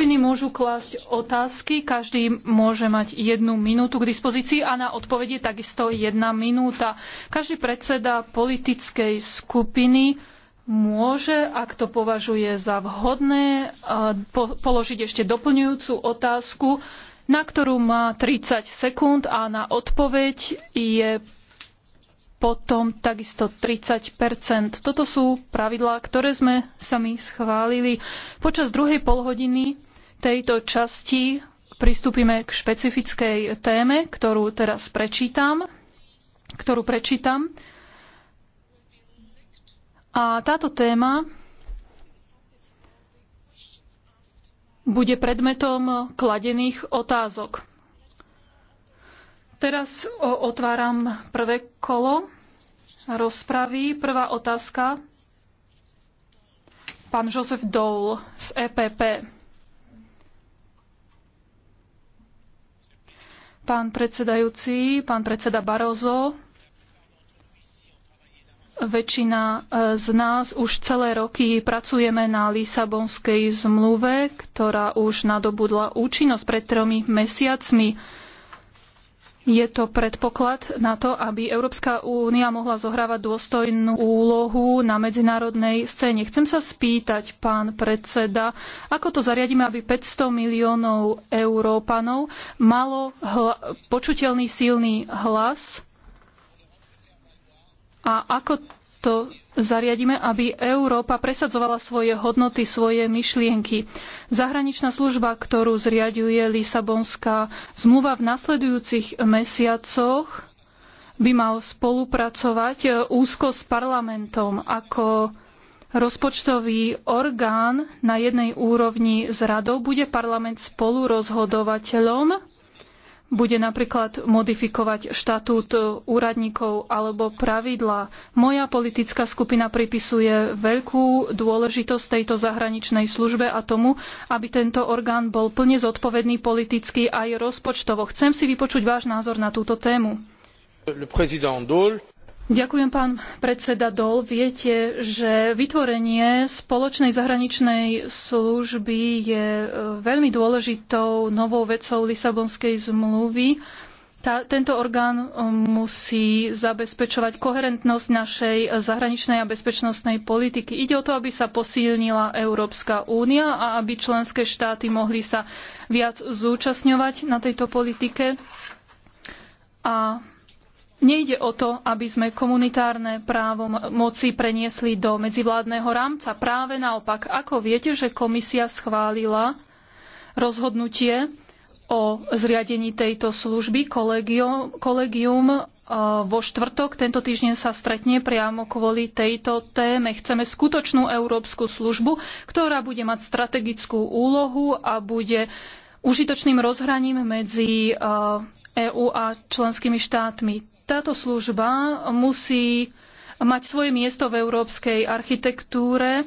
skupiny môžu klásť otázky, každý môže mať jednu minútu k dispozícii a na odpovede takisto jedna minúta. Každý predseda politickej skupiny môže, ak to považuje za vhodné, položiť ešte doplňujúcu otázku, na ktorú má 30 sekúnd a na odpoveď je potom takisto 30 Toto sú pravidlá, ktoré sme sami schválili. Počas druhej polhodiny tejto časti pristúpime k špecifickej téme, ktorú teraz prečítam, ktorú prečítam. A táto téma bude predmetom kladených otázok. Teraz otváram prvé kolo rozpravy. Prvá otázka. Pán Josef Dole z EPP. Pán predsedajúci, pán predseda Barozo, väčšina e, z nás už celé roky pracujeme na Lisabonskej zmluve, ktorá už nadobudla účinnosť pred tromi mesiacmi. Je to predpoklad na to, aby Európska únia mohla zohrávať dôstojnú úlohu na medzinárodnej scéne. Chcem sa spýtať, pán predseda, ako to zariadíme, aby 500 miliónov Európanov malo počuteľný silný hlas a ako to zariadíme, aby Európa presadzovala svoje hodnoty, svoje myšlienky. Zahraničná služba, ktorú zriaďuje Lisabonská zmluva v nasledujúcich mesiacoch, by mal spolupracovať eh, úzko s parlamentom ako rozpočtový orgán na jednej úrovni s radou. Bude parlament spolurozhodovateľom bude napríklad modifikovať štatút e, úradníkov alebo pravidlá. Moja politická skupina pripisuje veľkú dôležitosť tejto zahraničnej službe a tomu, aby tento orgán bol plne zodpovedný politicky aj rozpočtovo. Chcem si vypočuť váš názor na túto tému. Ďakujem, pán predseda Dol. Viete, že vytvorenie spoločnej zahraničnej služby je e, veľmi dôležitou novou vecou Lisabonskej zmluvy. Tá, tento orgán e, musí zabezpečovať koherentnosť našej zahraničnej a bezpečnostnej politiky. Ide o to, aby sa posilnila Európska únia a aby členské štáty mohli sa viac zúčastňovať na tejto politike. A Nejde o to, aby sme komunitárne právo moci preniesli do medzivládneho rámca. Práve naopak, ako viete, že komisia schválila rozhodnutie o zriadení tejto služby. Kolegium, vo štvrtok tento týždeň sa stretne priamo kvôli tejto téme. Chceme skutočnú európsku službu, ktorá bude mať strategickú úlohu a bude užitočným rozhraním medzi EÚ a členskými štátmi táto služba musí mať svoje miesto v európskej architektúre e,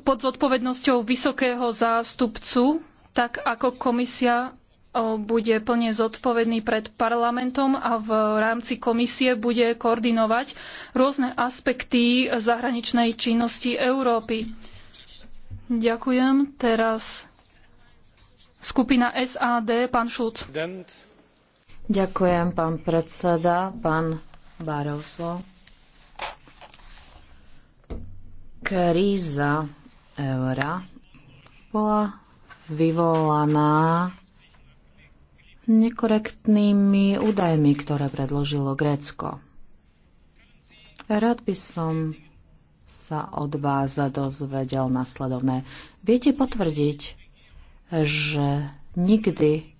pod zodpovednosťou vysokého zástupcu, tak ako komisia e, bude plne zodpovedný pred parlamentom a v rámci komisie bude koordinovať rôzne aspekty zahraničnej činnosti Európy. Ďakujem. Teraz skupina SAD, pán Šulc. Ďakujem, pán predseda, pán Barovso. Kríza eura bola vyvolaná nekorektnými údajmi, ktoré predložilo Grécko. Rád by som sa od vás dozvedel nasledovné. Viete potvrdiť, že nikdy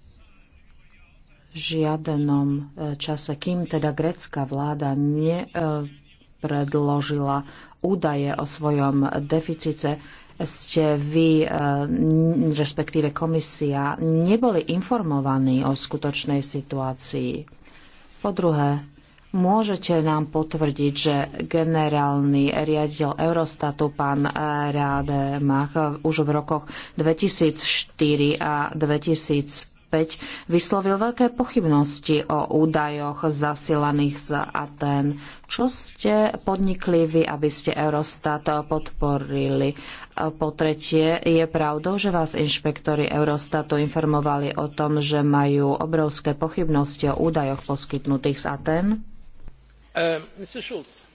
žiadenom e, čase, kým teda grecká vláda nepredložila údaje o svojom deficite, ste vy, e, respektíve komisia, neboli informovaní o skutočnej situácii. Po druhé, môžete nám potvrdiť, že generálny riaditeľ Eurostatu, pán e, Ráde Mach, už v rokoch 2004 a 2005 2005 vyslovil veľké pochybnosti o údajoch zasilaných z Aten. Čo ste podnikli vy, aby ste Eurostat podporili? Po tretie, je pravdou, že vás inšpektori Eurostatu informovali o tom, že majú obrovské pochybnosti o údajoch poskytnutých z Aten? Uh, Schulz,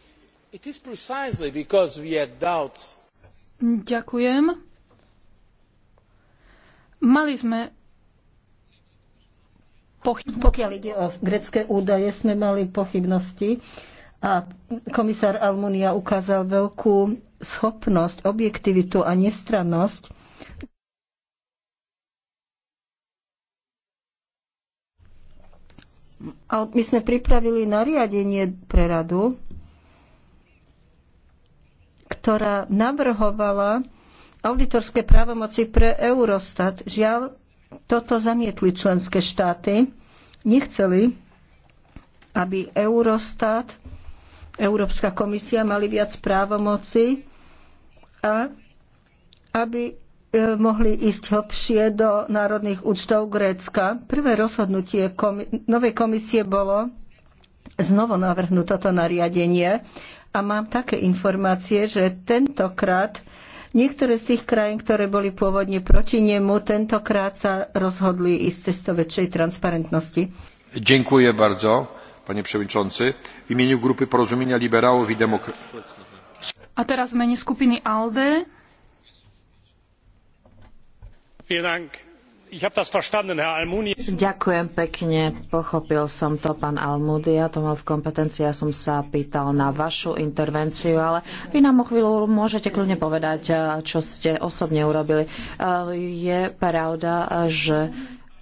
Ďakujem. Mali sme pochybnosti. Pokiaľ ide o grecké údaje, sme mali pochybnosti a komisár Almunia ukázal veľkú schopnosť, objektivitu a nestrannosť. A my sme pripravili nariadenie pre radu, ktorá navrhovala auditorské právomoci pre Eurostat. Žiaľ, toto zamietli členské štáty nechceli, aby Eurostat, Európska komisia mali viac právomoci a aby e, mohli ísť hlbšie do národných účtov Grécka. Prvé rozhodnutie komi- novej komisie bolo znovu navrhnúť toto nariadenie a mám také informácie, že tentokrát Niektoré z tých krajín, ktoré boli pôvodne proti nemu, tentokrát sa rozhodli ísť cestou väčšej transparentnosti. Dziękuję bardzo, przewodniczący. W imieniu grupy Porozumienia Liberałów i Demokratów. A teraz v mene skupiny ALDE. Vielen Dank, Ďakujem pekne, pochopil som to, pán Almudia, to mal v kompetencii, ja som sa pýtal na vašu intervenciu, ale vy nám o chvíľu môžete kľudne povedať, eh, čo ste osobne urobili. Eh, je pravda, že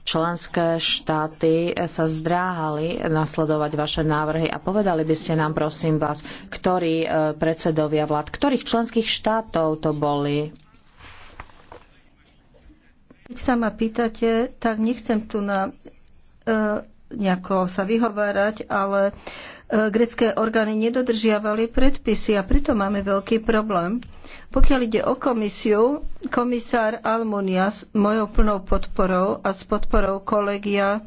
členské štáty sa zdráhali nasledovať vaše návrhy a povedali by ste nám, prosím vás, ktorí eh, predsedovia vlád, ktorých členských štátov to boli? Keď sa ma pýtate, tak nechcem tu na e, nejako sa vyhovárať, ale e, grecké orgány nedodržiavali predpisy a preto máme veľký problém. Pokiaľ ide o komisiu, komisár Almunia s mojou plnou podporou a s podporou kolegia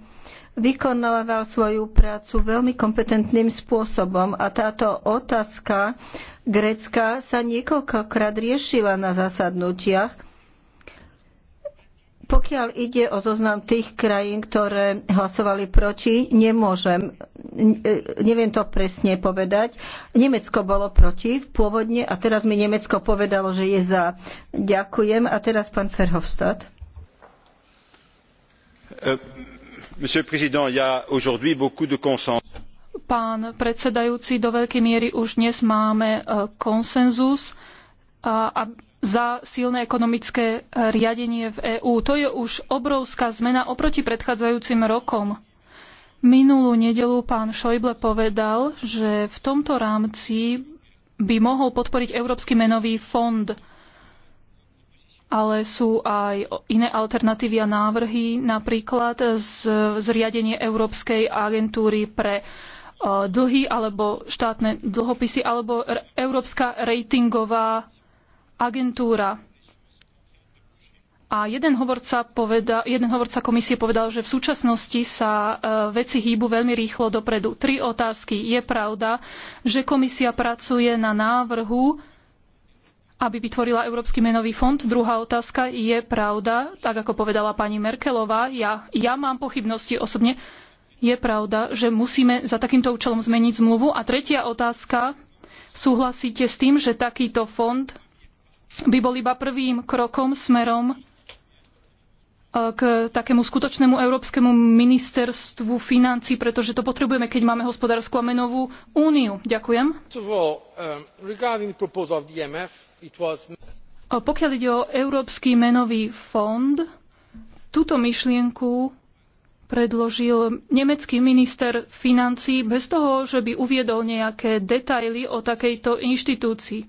vykonával svoju prácu veľmi kompetentným spôsobom a táto otázka Grécka sa niekoľkokrát riešila na zasadnutiach pokiaľ ide o zoznam tých krajín, ktoré hlasovali proti, nemôžem, neviem to presne povedať. Nemecko bolo proti pôvodne a teraz mi Nemecko povedalo, že je za. Ďakujem. A teraz pán Ferhofstadt. Eh, monsieur le Président, il y a aujourd'hui beaucoup de consensus pán predsedajúci, do veľkej miery už dnes máme eh, konsenzus a, a za silné ekonomické e, riadenie v EÚ. To je už obrovská zmena oproti predchádzajúcim rokom. Minulú nedelu pán Šojble povedal, že v tomto rámci by mohol podporiť Európsky menový fond, ale sú aj iné alternatívy a návrhy, napríklad z, zriadenie Európskej agentúry pre e, dlhy alebo štátne dlhopisy alebo Európska ratingová agentúra. A jeden hovorca, poveda, jeden hovorca komisie povedal, že v súčasnosti sa e, veci hýbu veľmi rýchlo dopredu. Tri otázky. Je pravda, že komisia pracuje na návrhu, aby vytvorila Európsky menový fond? Druhá otázka. Je pravda, tak ako povedala pani Merkelová, ja, ja mám pochybnosti osobne, je pravda, že musíme za takýmto účelom zmeniť zmluvu? A tretia otázka. Súhlasíte s tým, že takýto fond by bol iba prvým krokom smerom e, k takému skutočnému európskemu ministerstvu financí, pretože to potrebujeme, keď máme hospodárskú a menovú úniu. Ďakujem. Um, pokiaľ ide o Európsky menový fond, túto myšlienku predložil nemecký minister financí bez toho, že by uviedol nejaké detaily o takejto inštitúcii.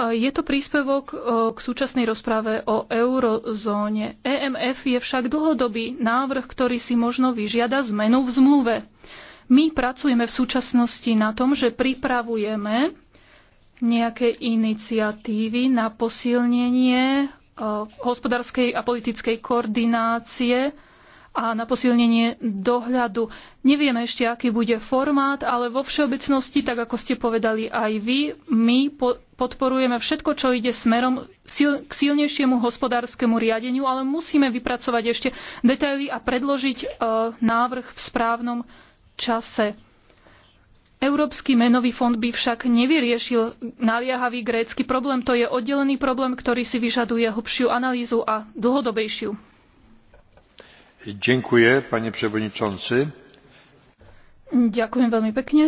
Je to príspevok e, k súčasnej rozprave o eurozóne. EMF je však dlhodobý návrh, ktorý si možno vyžiada zmenu v zmluve. My pracujeme v súčasnosti na tom, že pripravujeme nejaké iniciatívy na posilnenie e, hospodárskej a politickej koordinácie a na posilnenie dohľadu. Nevieme ešte, aký bude formát, ale vo všeobecnosti, tak ako ste povedali aj vy, my podporujeme všetko, čo ide smerom k silnejšiemu hospodárskemu riadeniu, ale musíme vypracovať ešte detaily a predložiť e, návrh v správnom čase. Európsky menový fond by však nevyriešil naliehavý grécky problém. To je oddelený problém, ktorý si vyžaduje hlbšiu analýzu a dlhodobejšiu. Ďakujem, pane Ďakujem veľmi pekne.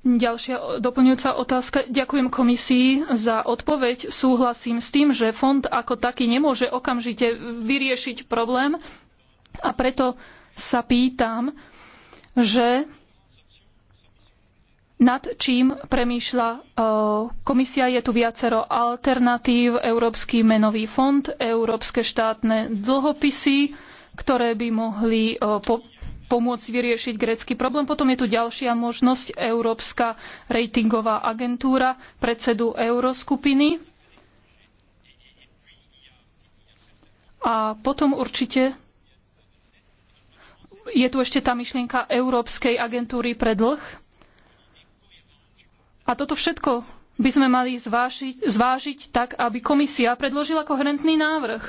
Ďalšia doplňujúca otázka. Ďakujem komisii za odpoveď. Súhlasím s tým, že fond ako taký nemôže okamžite vyriešiť problém a preto sa pýtam, že nad čím premýšľa e, komisia. Je tu viacero alternatív, Európsky menový fond, európske štátne dlhopisy, ktoré by mohli e, pomôcť vyriešiť grécky problém. Potom je tu ďalšia možnosť, Európska ratingová agentúra predsedu euroskupiny. A potom určite je tu ešte tá myšlienka Európskej agentúry pre dlh a toto všetko by sme mali zvážiť, zvážiť tak, aby komisia predložila koherentný návrh.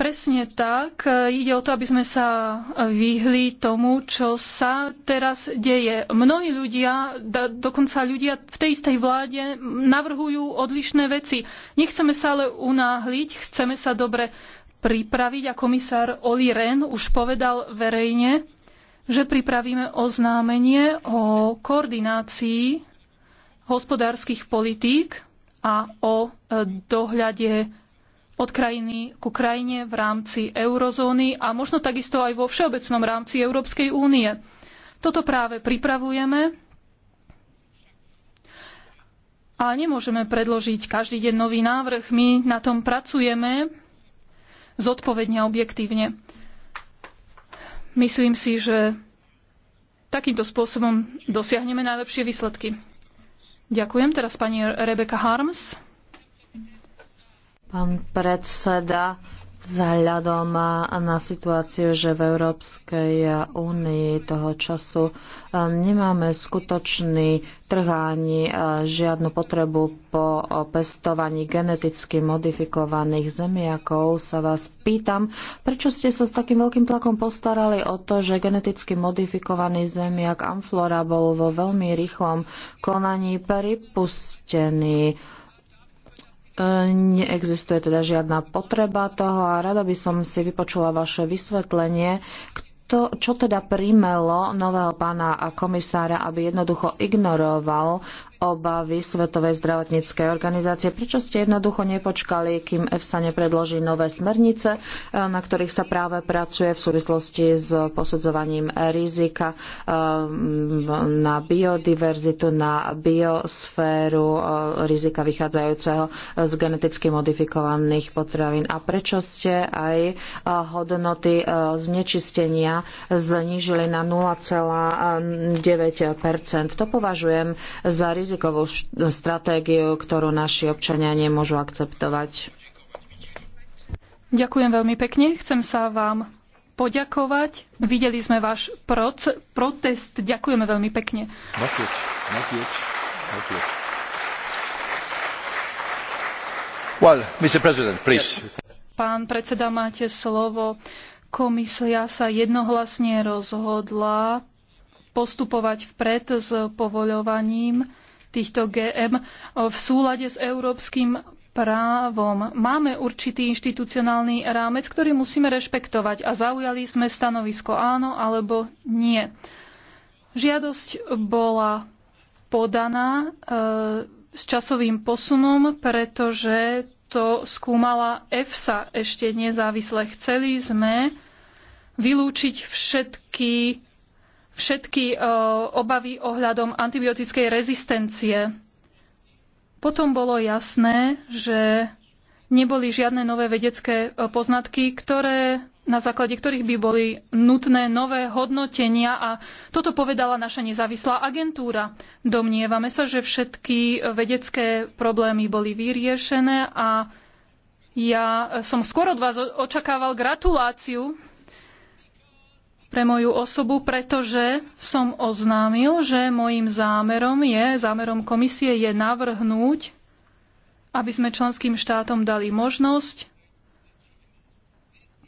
Presne tak. E, ide o to, aby sme sa vyhli tomu, čo sa teraz deje. Mnohí ľudia, dokonca ľudia v tej istej vláde, navrhujú odlišné veci. Nechceme sa ale unáhliť, chceme sa dobre pripraviť a komisár Oli Rehn už povedal verejne, že pripravíme oznámenie o koordinácii hospodárskych politík a o e, dohľade od krajiny ku krajine v rámci eurozóny a možno takisto aj vo všeobecnom rámci Európskej únie. Toto práve pripravujeme a nemôžeme predložiť každý deň nový návrh. My na tom pracujeme zodpovedne a objektívne. Myslím si, že takýmto spôsobom dosiahneme najlepšie výsledky. Ďakujem. Teraz pani Rebeka Harms. Pán predseda, vzhľadom na situáciu, že v Európskej únii toho času um, nemáme skutočný trh ani uh, žiadnu potrebu po pestovaní geneticky modifikovaných zemiakov, sa vás pýtam, prečo ste sa s takým veľkým tlakom postarali o to, že geneticky modifikovaný zemiak Amflora bol vo veľmi rýchlom konaní pripustený. E, neexistuje teda žiadna potreba toho a rada by som si vypočula vaše vysvetlenie, to, čo teda primelo nového pána komisára, aby jednoducho ignoroval obavy Svetovej zdravotníckej organizácie. Prečo ste jednoducho nepočkali, kým EFSA nepredloží nové smernice, eh, na ktorých sa práve pracuje v súvislosti s posudzovaním rizika eh, na biodiverzitu, na biosféru, eh, rizika vychádzajúceho z geneticky modifikovaných potravín. A prečo ste aj hodnoty znečistenia znížili na 0,9 To považujem za rizik rizikovú stratégiu, ktorú naši občania nemôžu akceptovať. Ďakujem veľmi pekne. Chcem sa vám poďakovať. Videli sme váš protest. Ďakujeme veľmi pekne. Napieč, napieč, napieč. Well, Mr. President, please. Pán predseda, máte slovo. Komisia sa jednohlasne rozhodla postupovať vpred s povoľovaním týchto GM v súlade s európskym právom. Máme určitý inštitucionálny rámec, ktorý musíme rešpektovať a zaujali sme stanovisko áno alebo nie. Žiadosť bola podaná e, s časovým posunom, pretože to skúmala EFSA ešte nezávisle. Chceli sme vylúčiť všetky všetky e, obavy ohľadom antibiotickej rezistencie. Potom bolo jasné, že neboli žiadne nové vedecké e, poznatky, ktoré, na základe ktorých by boli nutné nové hodnotenia a toto povedala naša nezávislá agentúra. Domnievame sa, že všetky e, vedecké problémy boli vyriešené a ja som skôr od vás očakával gratuláciu pre moju osobu, pretože som oznámil, že mojim zámerom je, zámerom komisie je navrhnúť, aby sme členským štátom dali možnosť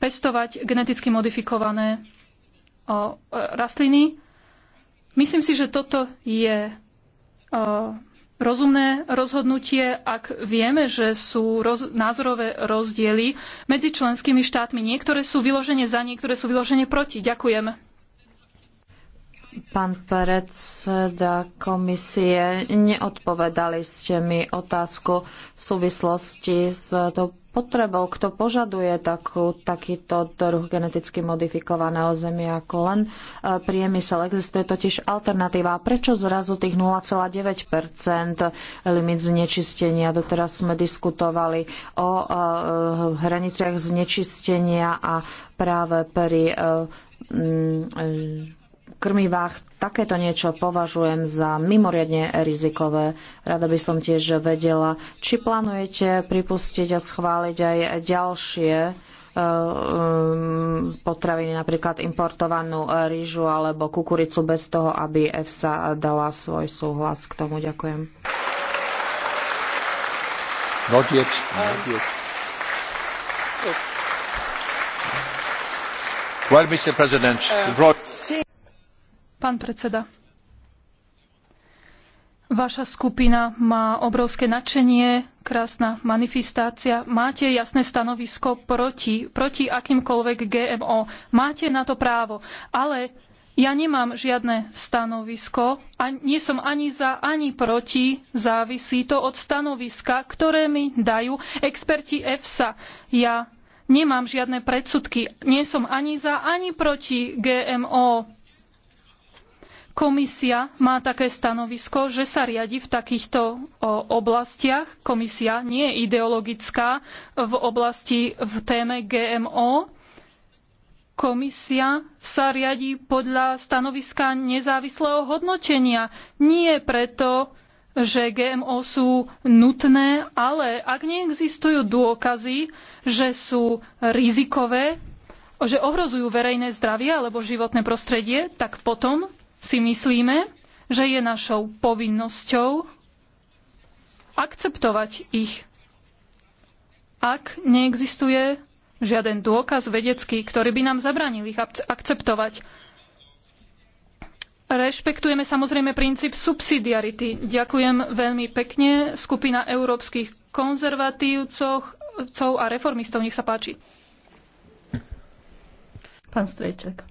pestovať geneticky modifikované o, e, rastliny. Myslím si, že toto je o, e, rozumné rozhodnutie, ak vieme, že sú roz, názorové rozdiely medzi členskými štátmi. Niektoré sú vyložene za, niektoré sú vyložene proti. Ďakujem. Pán predseda komisie, neodpovedali ste mi otázku v súvislosti s tou potrebou, kto požaduje takú, takýto druh geneticky modifikovaného zemi ako len e, priemysel. Existuje totiž alternatíva. Prečo zrazu tých 0,9 limit znečistenia? Doteraz sme diskutovali o e, hraniciach znečistenia a práve pri e, krmivách. Takéto niečo považujem za mimoriadne rizikové. Rada by som tiež vedela, či plánujete pripustiť a schváliť aj ďalšie e, e, potraviny, napríklad importovanú rýžu alebo kukuricu bez toho, aby EFSA dala svoj súhlas k tomu. Ďakujem. Well, Mr. President, eh, the... Pán predseda, vaša skupina má obrovské nadšenie, krásna manifestácia. Máte jasné stanovisko proti, proti akýmkoľvek GMO. Máte na to právo. Ale ja nemám žiadne stanovisko a nie som ani za, ani proti. Závisí to od stanoviska, ktoré mi dajú experti EFSA. Ja nemám žiadne predsudky. Nie som ani za, ani proti GMO Komisia má také stanovisko, že sa riadi v takýchto oblastiach. Komisia nie je ideologická v oblasti v téme GMO. Komisia sa riadi podľa stanoviska nezávislého hodnotenia. Nie preto, že GMO sú nutné, ale ak neexistujú dôkazy, že sú rizikové, že ohrozujú verejné zdravie alebo životné prostredie, tak potom si myslíme, že je našou povinnosťou akceptovať ich. Ak neexistuje žiaden dôkaz vedecký, ktorý by nám zabranil ich akceptovať, Rešpektujeme samozrejme princíp subsidiarity. Ďakujem veľmi pekne. Skupina európskych konzervatívcov a reformistov, nech sa páči. Pán Strejček.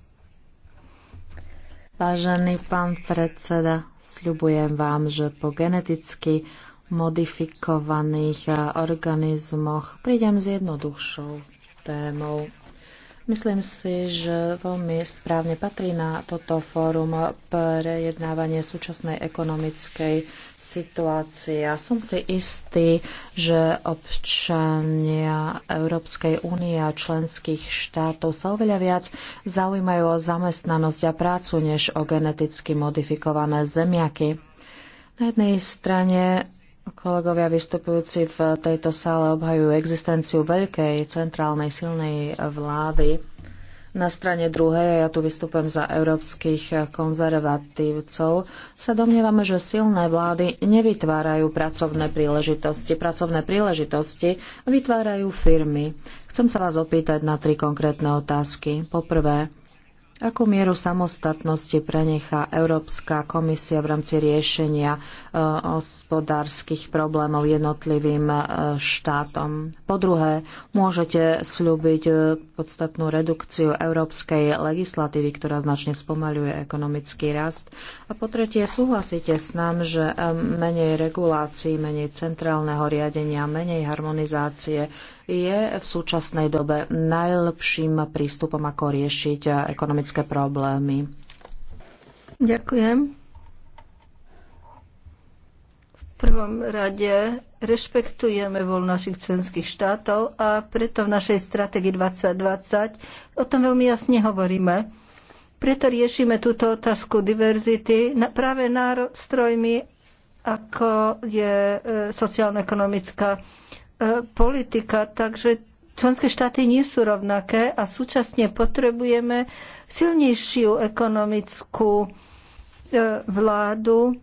Vážený pán predseda, sľubujem vám, že po geneticky modifikovaných eh, organizmoch prídem s jednoduchšou témou. Myslím si, že veľmi správne patrí na toto fórum prejednávanie súčasnej ekonomickej situácie. A som si istý, že občania Európskej únie a členských štátov sa oveľa viac zaujímajú o zamestnanosť a prácu, než o geneticky modifikované zemiaky. Na jednej strane Kolegovia vystupujúci v tejto sále obhajujú existenciu veľkej centrálnej silnej vlády. Na strane druhej, ja tu vystupujem za európskych konzervatívcov, sa domnievame, že silné vlády nevytvárajú pracovné príležitosti. Pracovné príležitosti vytvárajú firmy. Chcem sa vás opýtať na tri konkrétne otázky. Poprvé, Akú mieru samostatnosti prenechá Európska komisia v rámci riešenia e, hospodárskych problémov jednotlivým e, štátom? Po druhé, môžete slúbiť e, podstatnú redukciu európskej legislatívy, ktorá značne spomaľuje ekonomický rast. A po tretie, súhlasíte s nám, že menej regulácií, menej centrálneho riadenia, menej harmonizácie je v súčasnej dobe najlepším prístupom, ako riešiť ekonomické problémy. Ďakujem. V prvom rade rešpektujeme voľ našich členských štátov a preto v našej stratégii 2020 o tom veľmi jasne hovoríme. Preto riešime túto otázku diverzity práve nástrojmi, ako je e, sociálno-ekonomická E, politika, takže členské štáty nie sú rovnaké a súčasne potrebujeme silnejšiu ekonomickú e, vládu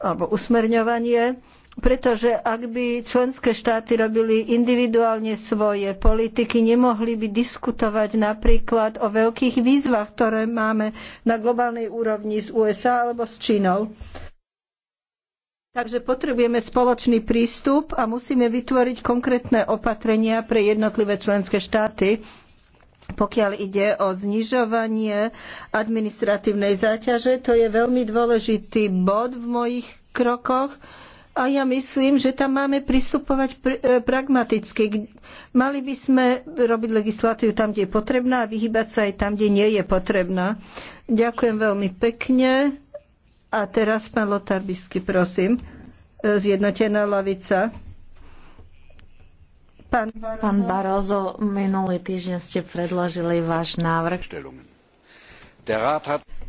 alebo usmerňovanie, pretože ak by členské štáty robili individuálne svoje politiky, nemohli by diskutovať napríklad o veľkých výzvach, ktoré máme na globálnej úrovni s USA alebo s Čínou. Takže potrebujeme spoločný prístup a musíme vytvoriť konkrétne opatrenia pre jednotlivé členské štáty, pokiaľ ide o znižovanie administratívnej záťaže. To je veľmi dôležitý bod v mojich krokoch. A ja myslím, že tam máme pristupovať e, pragmaticky. Mali by sme robiť legislatívu tam, kde je potrebná a vyhybať sa aj tam, kde nie je potrebná. Ďakujem veľmi pekne. A teraz pán Lotar Bisky, prosím. E, zjednotená lavica. Pán Barozo, pán Barozo, minulý týždeň ste predložili váš návrh.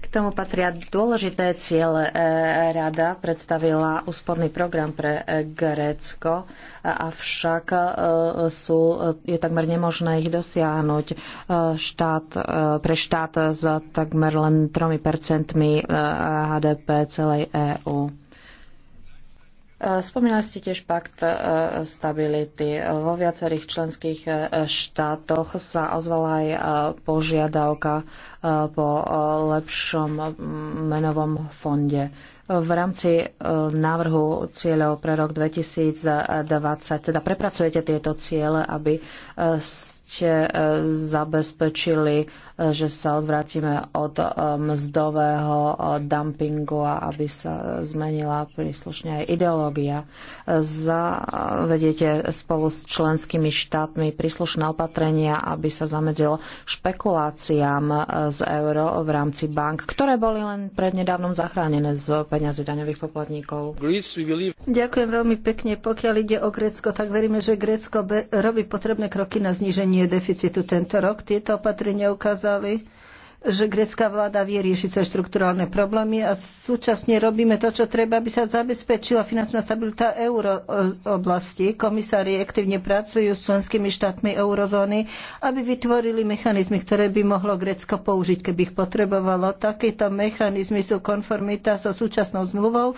K tomu patria dôležité ciele. E, rada predstavila úsporný program pre e, Grécko, avšak e, sú, je takmer nemožné ich dosiahnuť. Štát, pre štát s takmer len 3% HDP celej EÚ. Spomínali ste tiež pakt e, stability. Vo viacerých členských e, štátoch sa ozvala aj e, požiadavka po lepšom menovom fonde. V rámci návrhu cieľov pre rok 2020 teda prepracujete tieto ciele, aby ste zabezpečili, e, že sa odvrátime od e, mzdového e, dumpingu a aby sa zmenila príslušne aj ideológia. Zavediete spolu s členskými štátmi príslušné opatrenia, aby sa zamedzilo špekuláciám z euro v rámci bank, ktoré boli len prednedávnom zachránené z peňazí daňových poplatníkov. Ďakujem veľmi pekne. Pokiaľ ide o Grécko, tak veríme, že Grécko robí potrebné kroky na zníženie zníženie deficitu tento rok. Tieto opatrenia ukázali, že grecká vláda vie riešiť svoje štruktúrálne problémy a súčasne robíme to, čo treba, aby sa zabezpečila finančná stabilita Eurooblasti. E, Komisári aktívne pracujú s členskými štátmi eurozóny, aby vytvorili mechanizmy, ktoré by mohlo Grécko použiť, keby ich potrebovalo. Takéto mechanizmy sú konformita so súčasnou zmluvou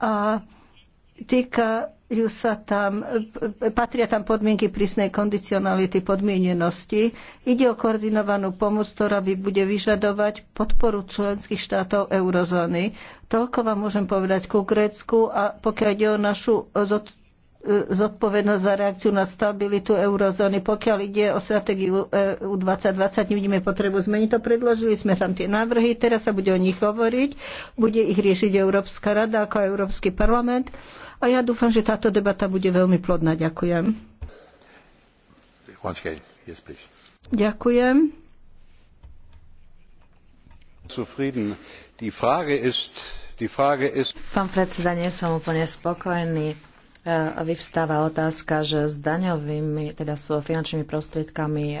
a týka dajú sa tam, patria tam podmienky prísnej kondicionality, podmienenosti. Ide o koordinovanú pomoc, ktorá by bude vyžadovať podporu členských štátov eurozóny. Toľko vám môžem povedať ku Grécku a pokiaľ ide o našu zodpovednosť za reakciu na stabilitu eurozóny. Pokiaľ ide o stratégiu EU 2020, nevidíme potrebu zmeniť to. Predložili sme tam tie návrhy, teraz sa bude o nich hovoriť, bude ich riešiť Európska rada ako Európsky parlament a ja dúfam, že táto debata bude veľmi plodná. Ďakujem. Ďakujem. Pán predseda, nie som úplne spokojný. E, vyvstáva otázka, že s daňovými, teda s finančnými prostriedkami e,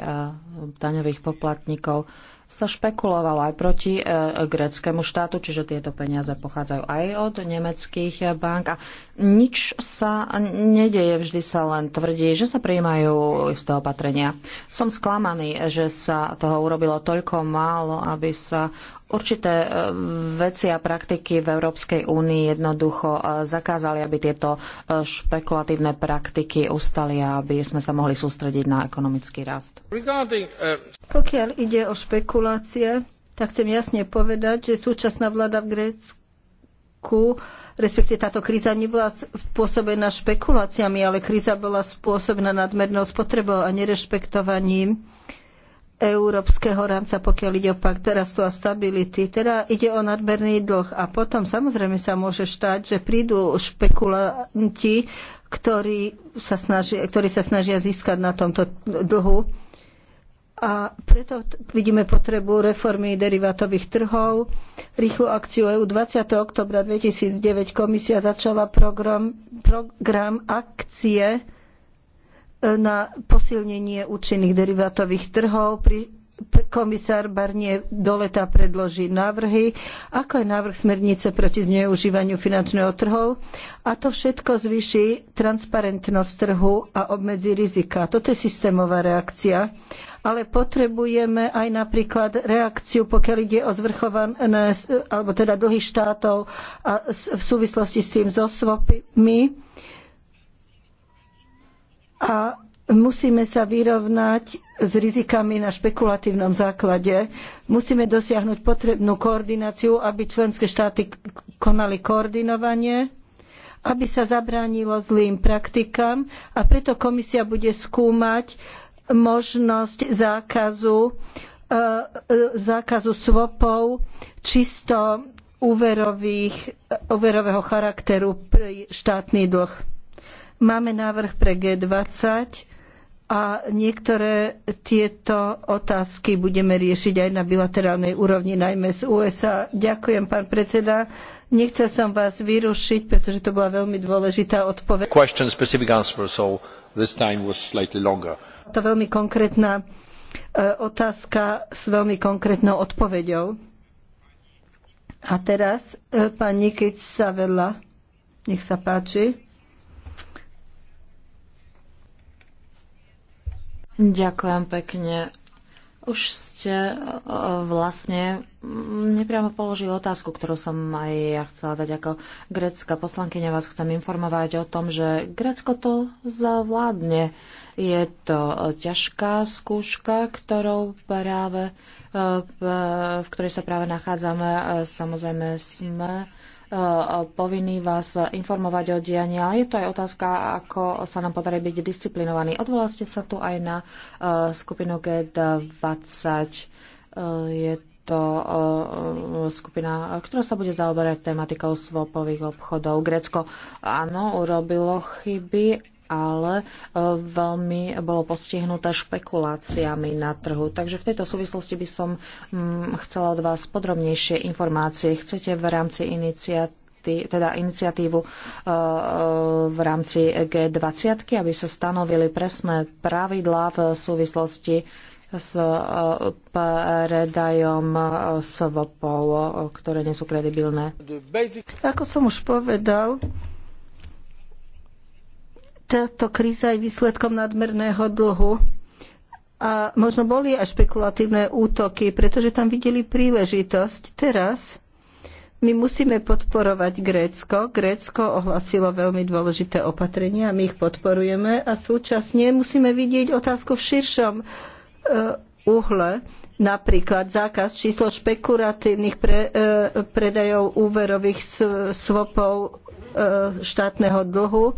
daňových poplatníkov sa špekulovalo aj proti e, gréckému štátu, čiže tieto peniaze pochádzajú aj od nemeckých bank a nič sa nedeje, vždy sa len tvrdí, že sa prijímajú isté opatrenia. Som sklamaný, že sa toho urobilo toľko málo, aby sa určité eh, veci a praktiky v Európskej únii jednoducho eh, zakázali, aby tieto eh, špekulatívne praktiky ustali a aby sme sa mohli sústrediť na ekonomický rast. Pokiaľ ide o špekulácie, tak chcem jasne povedať, že súčasná vláda v Grécku respektive táto kríza nebola spôsobená špekuláciami, ale kríza bola spôsobená nadmernou spotrebou a nerešpektovaním uh, európskeho rámca, pokiaľ ide o pakt rastu a stability. Teda ide o nadmerný dlh a potom samozrejme sa môže stať, že prídu špekulanti, ktorí sa snažia, ktorí sa snažia získať na tomto dlhu. A preto vidíme potrebu reformy derivátových trhov. Rýchlu akciu EU 20. oktobra 2009 komisia začala program, program akcie na posilnenie účinných derivátových trhov. komisár Barnier do leta predloží návrhy, ako je návrh smernice proti zneužívaniu finančného trhov a to všetko zvýši transparentnosť trhu a obmedzi rizika. Toto je systémová reakcia, ale potrebujeme aj napríklad reakciu, pokiaľ ide o zvrchované, alebo teda dlhy štátov a v súvislosti s tým so swapmi a musíme sa vyrovnať s rizikami na špekulatívnom základe. Musíme dosiahnuť potrebnú koordináciu, aby členské štáty konali koordinovanie, aby sa zabránilo zlým praktikám a preto komisia bude skúmať možnosť zákazu, e, e, zákazu swapov čisto úverových, e, úverového charakteru pre štátny dlh Máme návrh pre G20 a niektoré tieto otázky budeme riešiť aj na bilaterálnej úrovni, najmä z USA. Ďakujem, pán predseda. Nechcel som vás vyrušiť, pretože to bola veľmi dôležitá odpoveď. Question, specific answer, so this time was slightly longer. To veľmi konkrétna e, otázka s veľmi konkrétnou odpoveďou. A teraz e, pani sa Savela. Nech sa páči. Ďakujem pekne. Už ste e, vlastne nepriamo položili otázku, ktorú som aj ja chcela dať ako grecká poslankyňa. Vás chcem informovať o tom, že Grecko to zvládne. Je to ťažká skúška, ktorou práve, e, v ktorej sa práve nachádzame. E, samozrejme sme Eh, povinný vás informovať o dianí, ale je to aj otázka, ako sa nám podarí byť disciplinovaní. Odvolal ste sa tu aj na eh, skupinu G20. Eh, je to skupina, ktorá sa bude zaoberať tematikou svopových obchodov. Grécko áno, urobilo chyby, ale e, veľmi bolo postihnuté špekuláciami na trhu. Takže v tejto súvislosti by som mm, chcela od vás podrobnejšie informácie. Chcete v rámci iniciatívy teda iniciatívu e, e, v rámci G20, aby sa stanovili presné pravidlá v súvislosti s predajom svopov, ktoré nie sú kredibilné. Ako som už povedal, táto kríza je výsledkom nadmerného dlhu. A možno boli aj špekulatívne útoky, pretože tam videli príležitosť. Teraz my musíme podporovať Grécko. Grécko ohlasilo veľmi dôležité opatrenia, my ich podporujeme a súčasne musíme vidieť otázku v širšom e, uhle, napríklad zákaz číslo špekulatívnych pre, e, predajov úverových svopov e, štátneho dlhu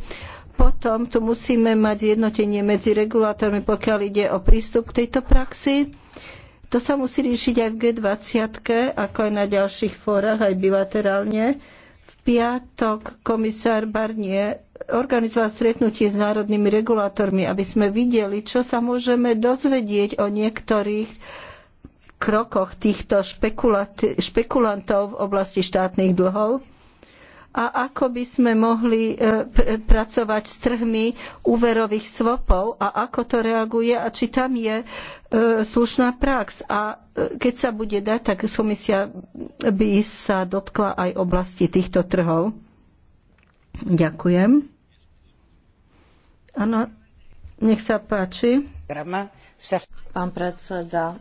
potom tu musíme mať zjednotenie medzi regulátormi, pokiaľ ide o prístup k tejto praxi. To sa musí riešiť aj v G20, ako aj na ďalších fórach, aj bilaterálne. V piatok komisár Barnier organizoval stretnutie s národnými regulátormi, aby sme videli, čo sa môžeme dozvedieť o niektorých krokoch týchto špekulantov v oblasti štátnych dlhov a ako by sme mohli e, e, pracovať s trhmi úverových swapov a ako to reaguje a či tam je e, slušná prax. A keď sa bude dať, tak komisia by sa dotkla aj oblasti týchto trhov. Ďakujem. Áno, nech sa páči. Pán predseda,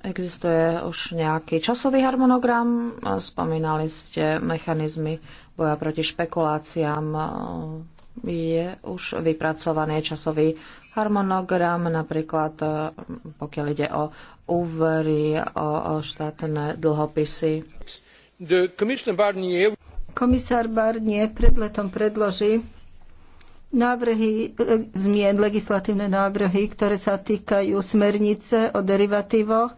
Existuje už nejaký časový harmonogram? Spomínali ste mechanizmy boja proti špekuláciám. Je už vypracovaný časový harmonogram, napríklad pokiaľ ide o úvery, o, štátne dlhopisy. Komisár Barnier pred letom predloží návrhy, e, zmien, legislatívne návrhy, ktoré sa týkajú smernice o derivatívoch,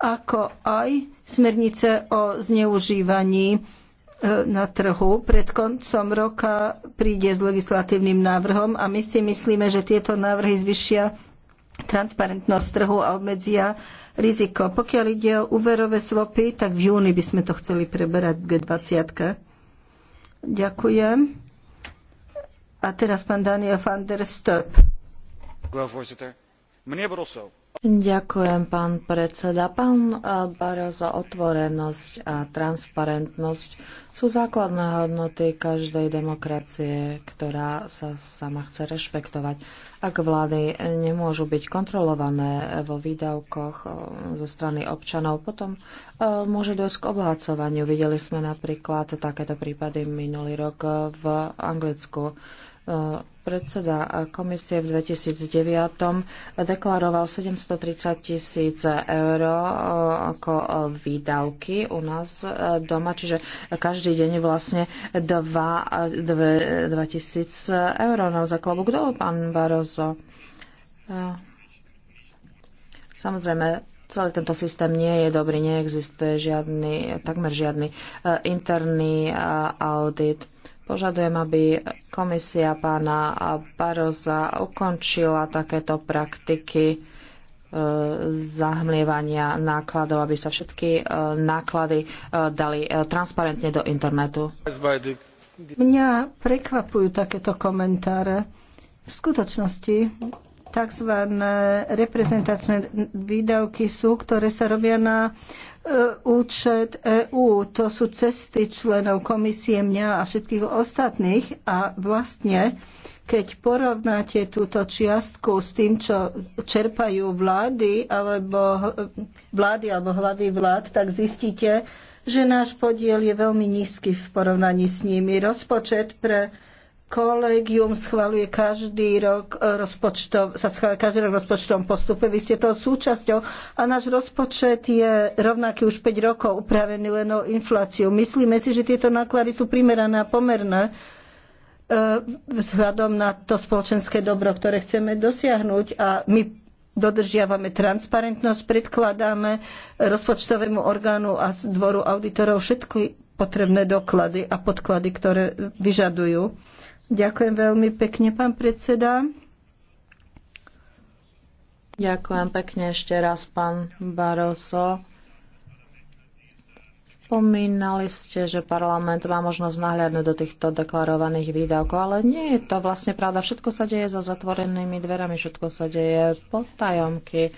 ako aj smernice o zneužívaní e, na trhu. Pred koncom roka príde s legislatívnym návrhom a my si myslíme, že tieto návrhy zvyšia transparentnosť trhu a obmedzia riziko. Pokiaľ ide o úverové svopy, tak v júni by sme to chceli preberať v G20. Ďakujem. A teraz pán Daniel van der Stöp. Meneer Barroso, Ďakujem, pán predseda. Pán eh, Barozo, otvorenosť a transparentnosť sú základné hodnoty každej demokracie, ktorá sa sama chce rešpektovať. Ak vlády nemôžu byť kontrolované vo výdavkoch eh, zo strany občanov, potom eh, môže dosť k obhacovaniu. Videli sme napríklad takéto prípady minulý rok v Anglicku. Predseda komisie v 2009 deklaroval 730 tisíc eur eh, ako eh, výdavky u nás eh, doma, čiže každý deň vlastne 2, tisíc eur na zaklobu. dolu, pán Barozo. Samozrejme, celý tento systém nie je dobrý, neexistuje žiadny, takmer žiadny interný audit Požadujem, aby komisia pána Baroza ukončila takéto praktiky e, zahmlievania nákladov, aby sa všetky e, náklady e, dali transparentne do internetu. Mňa prekvapujú takéto komentáre. V skutočnosti tzv. reprezentačné výdavky sú, ktoré sa robia na E, účet EÚ. To sú cesty členov komisie mňa a všetkých ostatných a vlastne keď porovnáte túto čiastku s tým, čo čerpajú vlády alebo, vlády alebo hlavy vlád, tak zistíte, že náš podiel je veľmi nízky v porovnaní s nimi. Rozpočet pre kolegium schvaluje každý rok e, rozpočtom, sa schvaluje každý rok rozpočtom postupe. Vy ste toho súčasťou a náš rozpočet je rovnaký už 5 rokov, upravený len o infláciu. Myslíme si, že tieto náklady sú primerané a pomerné e, vzhľadom na to spoločenské dobro, ktoré chceme dosiahnuť a my dodržiavame transparentnosť, predkladáme rozpočtovému orgánu a dvoru auditorov všetky potrebné doklady a podklady, ktoré vyžadujú. Ďakujem veľmi pekne, pán predseda. Ďakujem pekne ešte raz, pán Baroso. Spomínali ste, že parlament má možnosť nahliadnúť do týchto deklarovaných výdavkov, ale nie je to vlastne pravda. Všetko sa deje za zatvorenými dverami, všetko sa deje pod tajomky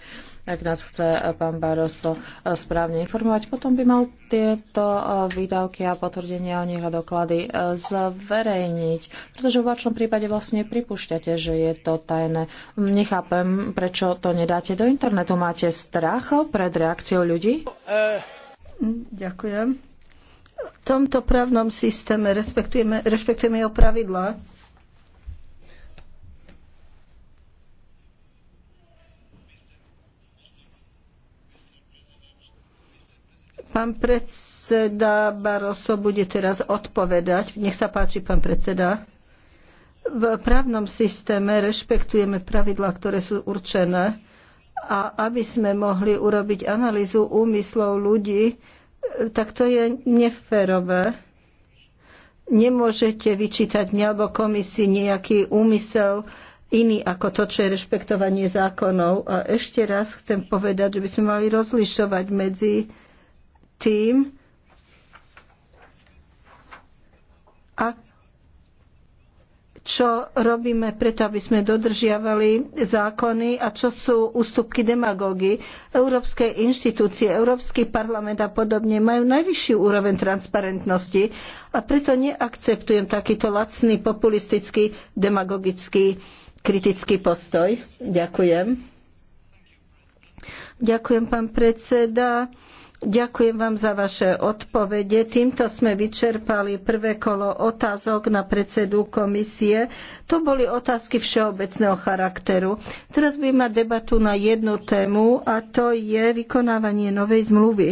ak nás chce eh, pán Barroso eh, správne informovať, potom by mal tieto eh, výdavky a potvrdenia o nich a doklady zverejniť, pretože v vašom prípade vlastne pripúšťate, že je to tajné. Nechápem, prečo to nedáte do internetu. Máte strach pred reakciou ľudí? Ďakujem. V tomto právnom systéme rešpektujeme, respektujeme jeho pravidlá Pán predseda Barroso bude teraz odpovedať. Nech sa páči, pán predseda. V právnom systéme rešpektujeme pravidlá, ktoré sú určené a aby sme mohli urobiť analýzu úmyslov ľudí, e, tak to je neférové. Nemôžete vyčítať mne alebo komisii nejaký úmysel iný ako to, čo je rešpektovanie zákonov. A ešte raz chcem povedať, že by sme mali rozlišovať medzi tým, a čo robíme preto, aby sme dodržiavali zákony a čo sú ústupky demagógy. Európske inštitúcie, Európsky parlament a podobne majú najvyšší úroveň transparentnosti a preto neakceptujem takýto lacný, populistický, demagogický, kritický postoj. Ďakujem. Ďakujem, pán predseda. Ďakujem vám za vaše odpovede. Týmto sme vyčerpali prvé kolo otázok na predsedu komisie. To boli otázky všeobecného charakteru. Teraz by ma debatu na jednu tému a to je vykonávanie novej zmluvy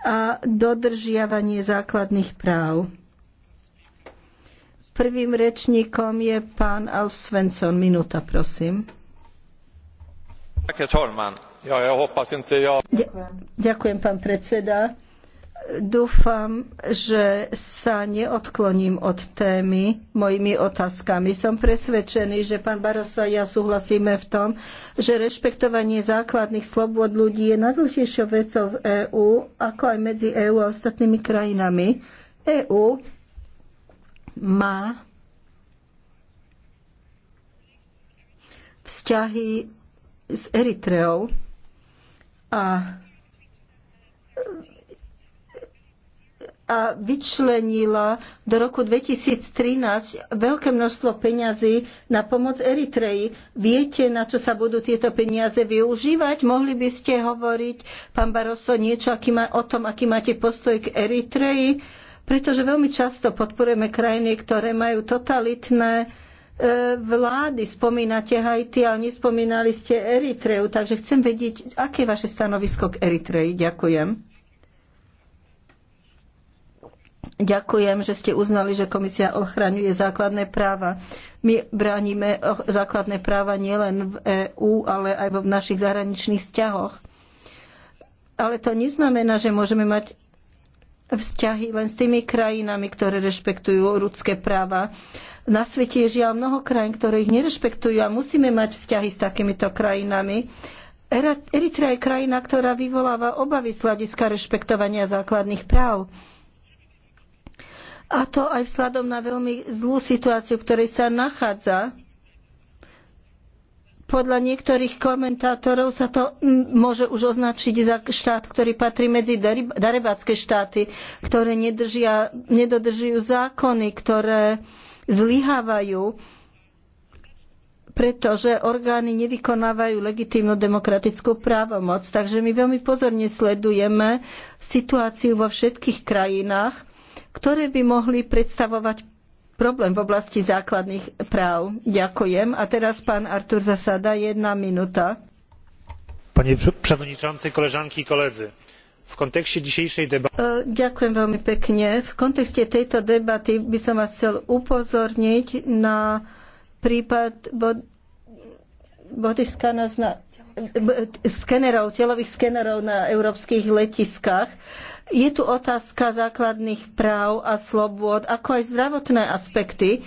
a dodržiavanie základných práv. Prvým rečníkom je pán Alf Svensson. Minúta, prosím. Ďakujem, pán predseda. Dúfam, že sa neodkloním od témy mojimi otázkami. Som presvedčený, že pán Baroso a ja súhlasíme v tom, že rešpektovanie základných slobod ľudí je najdôležitejšou vecou v EÚ, ako aj medzi EÚ a ostatnými krajinami. EÚ má vzťahy s Eritreou a, a vyčlenila do roku 2013 veľké množstvo peňazí na pomoc Eritreji. Viete, na čo sa budú tieto peniaze využívať? Mohli by ste hovoriť, pán Baroso, niečo aký má, o tom, aký máte postoj k Eritreji? Pretože veľmi často podporujeme krajiny, ktoré majú totalitné E, vlády. Spomínate Haiti, ale nespomínali ste Eritreu, takže chcem vedieť, aké je vaše stanovisko k Eritreji. Ďakujem. Ďakujem, že ste uznali, že komisia ochraňuje základné práva. My bránime základné práva nielen v EÚ, ale aj v našich zahraničných vzťahoch. Ale to neznamená, že môžeme mať vzťahy len s tými krajinami, ktoré rešpektujú ľudské práva na svete je žiaľ mnoho krajín, ktoré ich nerešpektujú a musíme mať vzťahy s takýmito krajinami. Eritrea je krajina, ktorá vyvoláva obavy z hľadiska rešpektovania základných práv. A to aj vzhľadom na veľmi zlú situáciu, v ktorej sa nachádza. Podľa niektorých komentátorov sa to môže už označiť za štát, ktorý patrí medzi darebácké štáty, ktoré nedržia, nedodržujú zákony, ktoré zlyhávajú, pretože orgány nevykonávajú legitímnu demokratickú právomoc. Takže my veľmi pozorne sledujeme situáciu vo všetkých krajinách, ktoré by mohli predstavovať problém v oblasti základných práv. Ďakujem. A teraz pán Artur Zasada, jedna minúta. Panie przewodniczący, koleżanki i koledzy v kontexte dzisiejszej debaty. E, ďakujem veľmi pekne. V kontexte tejto debaty by som vás chcel upozorniť na prípad body skenerov, telových skenerov na európskych letiskách. Je tu otázka základných práv a slobôd, ako aj zdravotné aspekty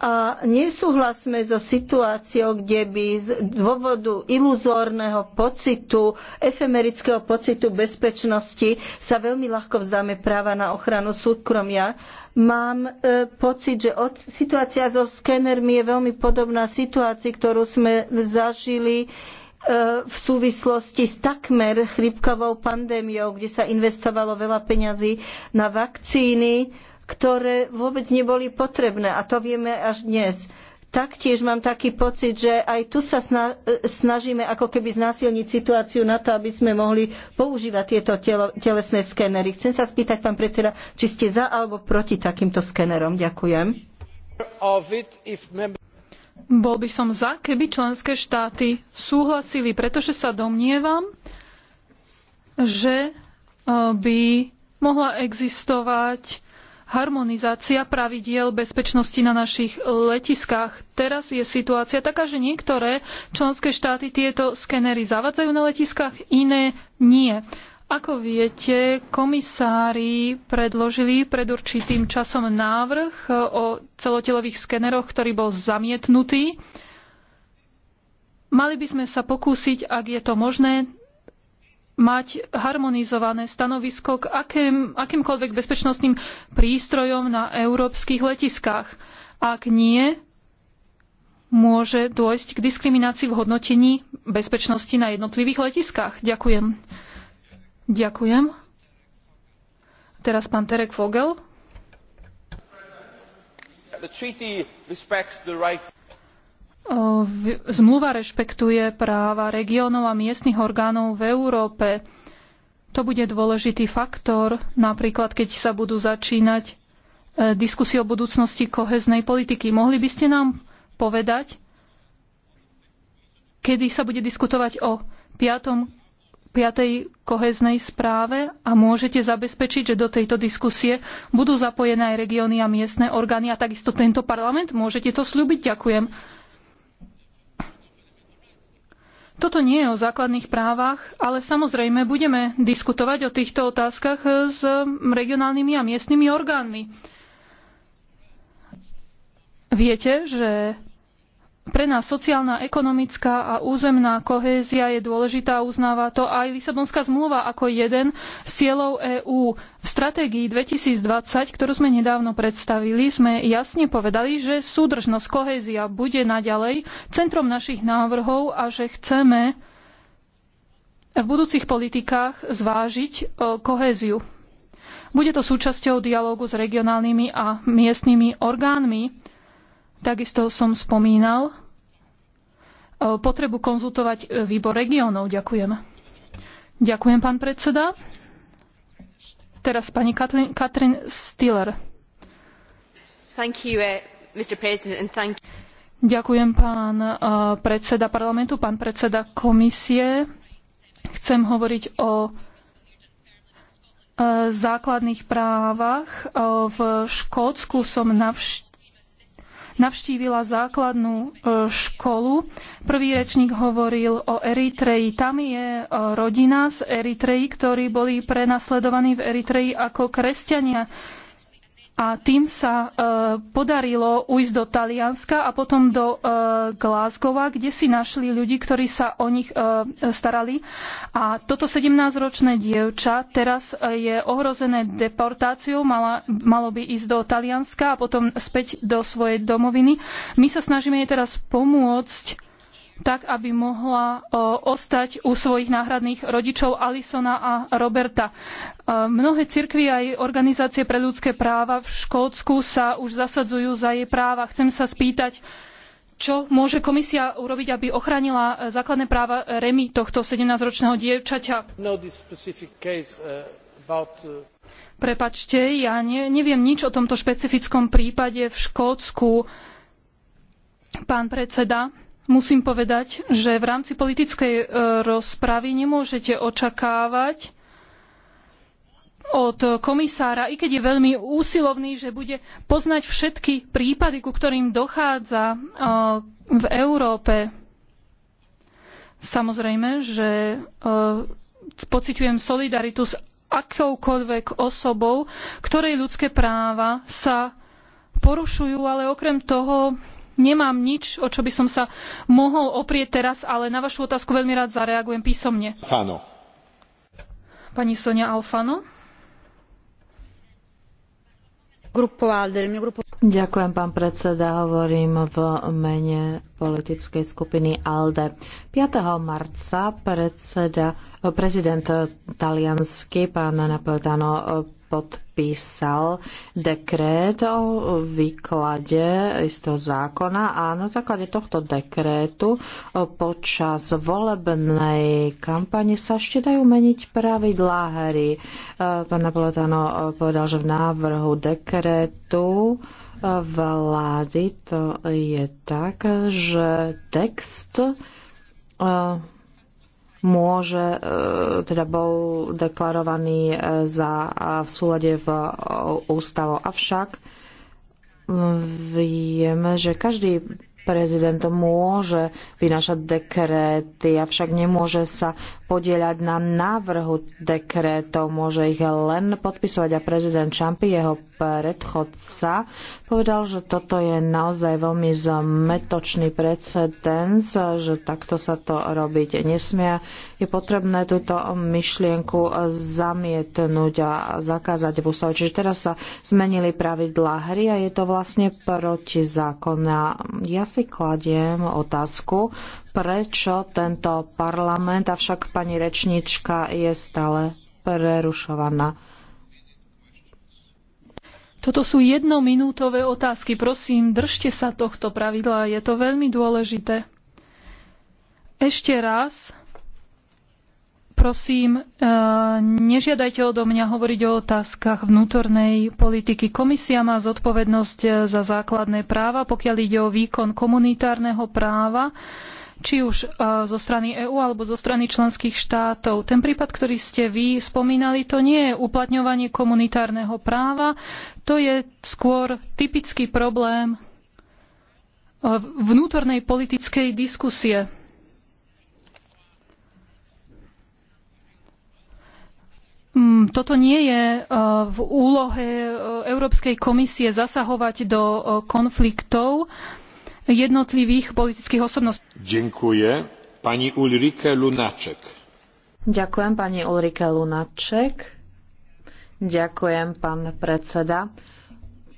a nesúhlasme so situáciou, kde by z dôvodu iluzórneho pocitu, efemerického pocitu bezpečnosti sa veľmi ľahko vzdáme práva na ochranu súkromia. Mám e, pocit, že od, situácia so skénermi je veľmi podobná situácii, ktorú sme zažili e, v súvislosti s takmer chrípkovou pandémiou, kde sa investovalo veľa peňazí na vakcíny ktoré vôbec neboli potrebné a to vieme až dnes. Taktiež mám taký pocit, že aj tu sa snažíme ako keby znásilniť situáciu na to, aby sme mohli používať tieto telo, telesné skenery. Chcem sa spýtať, pán predseda, či ste za alebo proti takýmto skenerom. Ďakujem. Bol by som za, keby členské štáty súhlasili, pretože sa domnievam, že eh, by mohla existovať harmonizácia pravidiel bezpečnosti na našich letiskách. Teraz je situácia taká, že niektoré členské štáty tieto skenery zavadzajú na letiskách, iné nie. Ako viete, komisári predložili pred určitým časom návrh o celotelových skeneroch, ktorý bol zamietnutý. Mali by sme sa pokúsiť, ak je to možné, mať harmonizované stanovisko k akém, akýmkoľvek bezpečnostným prístrojom na európskych letiskách. Ak nie, môže dôjsť k diskriminácii v hodnotení bezpečnosti na jednotlivých letiskách. Ďakujem. Ďakujem. Teraz pán Terek Vogel. The treaty respects the right Zmluva rešpektuje práva regiónov a miestnych orgánov v Európe. To bude dôležitý faktor, napríklad keď sa budú začínať e, diskusie o budúcnosti koheznej politiky. Mohli by ste nám povedať, kedy sa bude diskutovať o 5. 5. koheznej správe a môžete zabezpečiť, že do tejto diskusie budú zapojené aj regióny a miestne orgány a takisto tento parlament? Môžete to slúbiť? Ďakujem. Toto nie je o základných právach, ale samozrejme budeme diskutovať o týchto otázkach s regionálnymi a miestnymi orgánmi. Viete, že pre nás sociálna, ekonomická a územná kohézia je dôležitá, uznáva to aj Lisabonská zmluva ako jeden z cieľov EÚ. V stratégii 2020, ktorú sme nedávno predstavili, sme jasne povedali, že súdržnosť kohézia bude naďalej centrom našich návrhov a že chceme v budúcich politikách zvážiť e, kohéziu. Bude to súčasťou dialógu s regionálnymi a miestnymi orgánmi, Takisto som spomínal e, potrebu konzultovať e, výbor regiónov. Ďakujem. Ďakujem, pán predseda. Teraz pani Katrin, Katrin Stiller. You, uh, Ďakujem, pán uh, predseda parlamentu, pán predseda komisie. Chcem hovoriť o uh, základných právach. V Škótsku som navštívila navštívila základnú e, školu. Prvý rečník hovoril o Eritreji. Tam je e, rodina z Eritreji, ktorí boli prenasledovaní v Eritreji ako kresťania a tým sa e, podarilo ujsť do Talianska a potom do e, Glasgowa, kde si našli ľudí, ktorí sa o nich e, starali. A toto 17-ročné dievča teraz je ohrozené deportáciou, mala, malo by ísť do Talianska a potom späť do svojej domoviny. My sa snažíme jej teraz pomôcť tak aby mohla e, ostať u svojich náhradných rodičov Alisona a Roberta. E, mnohé cirkvy aj organizácie pre ľudské práva v Škótsku sa už zasadzujú za jej práva. Chcem sa spýtať, čo môže komisia urobiť, aby ochránila e, základné práva Remy, tohto 17-ročného dievčaťa? No, uh, uh, Prepačte, ja ne, neviem nič o tomto špecifickom prípade v Škótsku. Pán predseda, musím povedať, že v rámci politickej e, rozpravy nemôžete očakávať od komisára, i keď je veľmi úsilovný, že bude poznať všetky prípady, ku ktorým dochádza e, v Európe. Samozrejme, že e, pociťujem solidaritu s akoukoľvek osobou, ktorej ľudské práva sa porušujú, ale okrem toho nemám nič, o čo by som sa mohol oprieť teraz, ale na vašu otázku veľmi rád zareagujem písomne. Fano. Pani Sonia Alfano. Ďakujem, pán predseda. Hovorím v mene politickej skupiny ALDE. 5. marca predseda, prezident taliansky, pán Napolitano, podpísal podpísal dekrét o výklade istého zákona a na základe tohto dekrétu e, počas volebnej kampane sa ešte dajú meniť pravidlá hry. E, pán Napoletano e, povedal, že v návrhu dekrétu vlády to je tak, že text môže, e, teda bol deklarovaný e, za v súlade v e, ústavo. Avšak vieme, že každý prezident môže vynášať dekréty, avšak nemôže sa podieľať na návrhu dekrétov, môže ich len podpisovať a prezident Čampi, jeho predchodca, povedal, že toto je naozaj veľmi zmetočný precedens, že takto sa to robiť nesmia. Je potrebné túto myšlienku zamietnúť a zakázať v ústave. Čiže teraz sa zmenili pravidlá hry a je to vlastne protizákonné. Ja si kladiem otázku, prečo tento parlament, avšak pani rečnička je stále prerušovaná. Toto sú jednominútové otázky. Prosím, držte sa tohto pravidla. Je to veľmi dôležité. Ešte raz, prosím, e, nežiadajte odo mňa hovoriť o otázkach vnútornej politiky. Komisia má zodpovednosť za základné práva, pokiaľ ide o výkon komunitárneho práva či už e, zo strany EÚ alebo zo strany členských štátov. Ten prípad, ktorý ste vy spomínali, to nie je uplatňovanie komunitárneho práva, to je skôr typický problém e, vnútornej politickej diskusie. Mm, toto nie je e, v úlohe Európskej komisie zasahovať do konfliktov, jednotlivých politických osobností. Pani Ulrike Lunáček. Ďakujem pani Ulrike Ďakujem, pán predseda.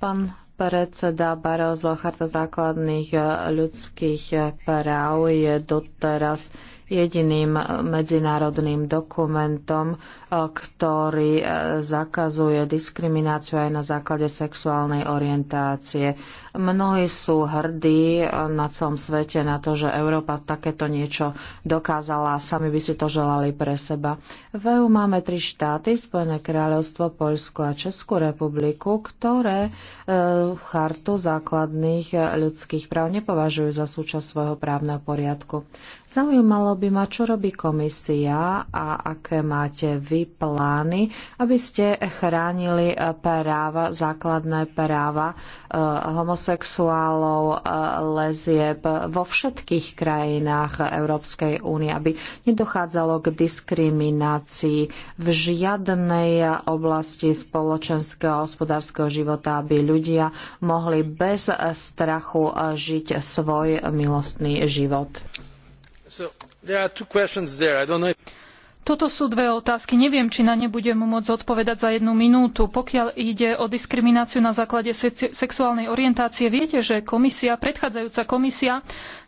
Pán predseda Barozo, Charta základných eh, ľudských eh, práv je doteraz jediným eh, medzinárodným dokumentom, eh, ktorý eh, zakazuje diskrimináciu aj na základe sexuálnej orientácie. Mnohí sú hrdí na celom svete na to, že Európa takéto niečo dokázala a sami by si to želali pre seba. V EU máme tri štáty, Spojené kráľovstvo, Poľsko a Českú republiku, ktoré chartu základných ľudských práv nepovažujú za súčasť svojho právneho poriadku. Zaujímalo by ma, čo robí komisia a aké máte vy plány, aby ste chránili eh, práva, základné práva eh, homosexuálov, eh, lezieb vo všetkých krajinách Európskej únie, aby nedochádzalo k diskriminácii v žiadnej oblasti spoločenského a hospodárskeho života, aby ľudia mohli bez strachu žiť svoj milostný život. Toto sú dve otázky. Neviem, či na ne budem môcť odpovedať za jednu minútu. Pokiaľ ide o diskrimináciu na základe sexuálnej orientácie, viete, že komisia, predchádzajúca komisia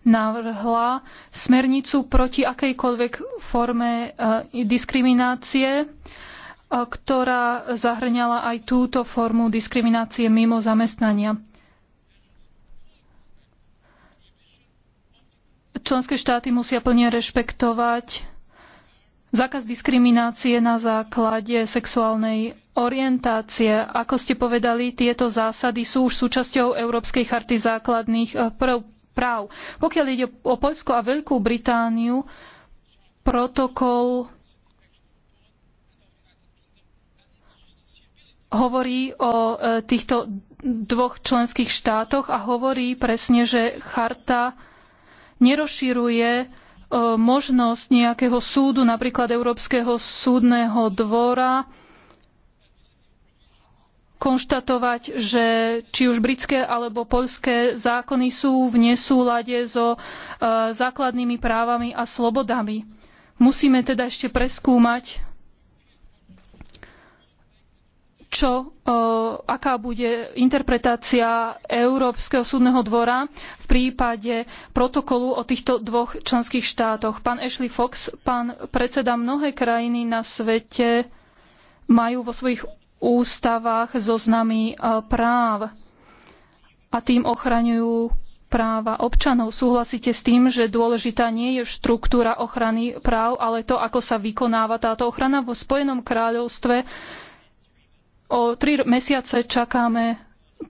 navrhla smernicu proti akejkoľvek forme eh, diskriminácie eh, ktorá zahŕňala aj túto formu diskriminácie mimo zamestnania. členské štáty musia plne rešpektovať zákaz diskriminácie na základe sexuálnej orientácie. Ako ste povedali, tieto zásady sú už súčasťou Európskej charty základných eh, práv. Pokiaľ ide o Poľsko a Veľkú Britániu, protokol hovorí o eh, týchto dvoch členských štátoch a hovorí presne, že charta nerozširuje e, možnosť nejakého súdu, napríklad Európskeho súdneho dvora, konštatovať, že či už britské alebo poľské zákony sú v nesúlade so e, základnými právami a slobodami. Musíme teda ešte preskúmať čo, aká bude interpretácia Európskeho súdneho dvora v prípade protokolu o týchto dvoch členských štátoch. Pán Ashley Fox, pán predseda, mnohé krajiny na svete majú vo svojich ústavách zoznamy e, práv a tým ochraňujú práva občanov. Súhlasíte s tým, že dôležitá nie je štruktúra ochrany práv, ale to, ako sa vykonáva táto ochrana vo Spojenom kráľovstve O tri mesiace čakáme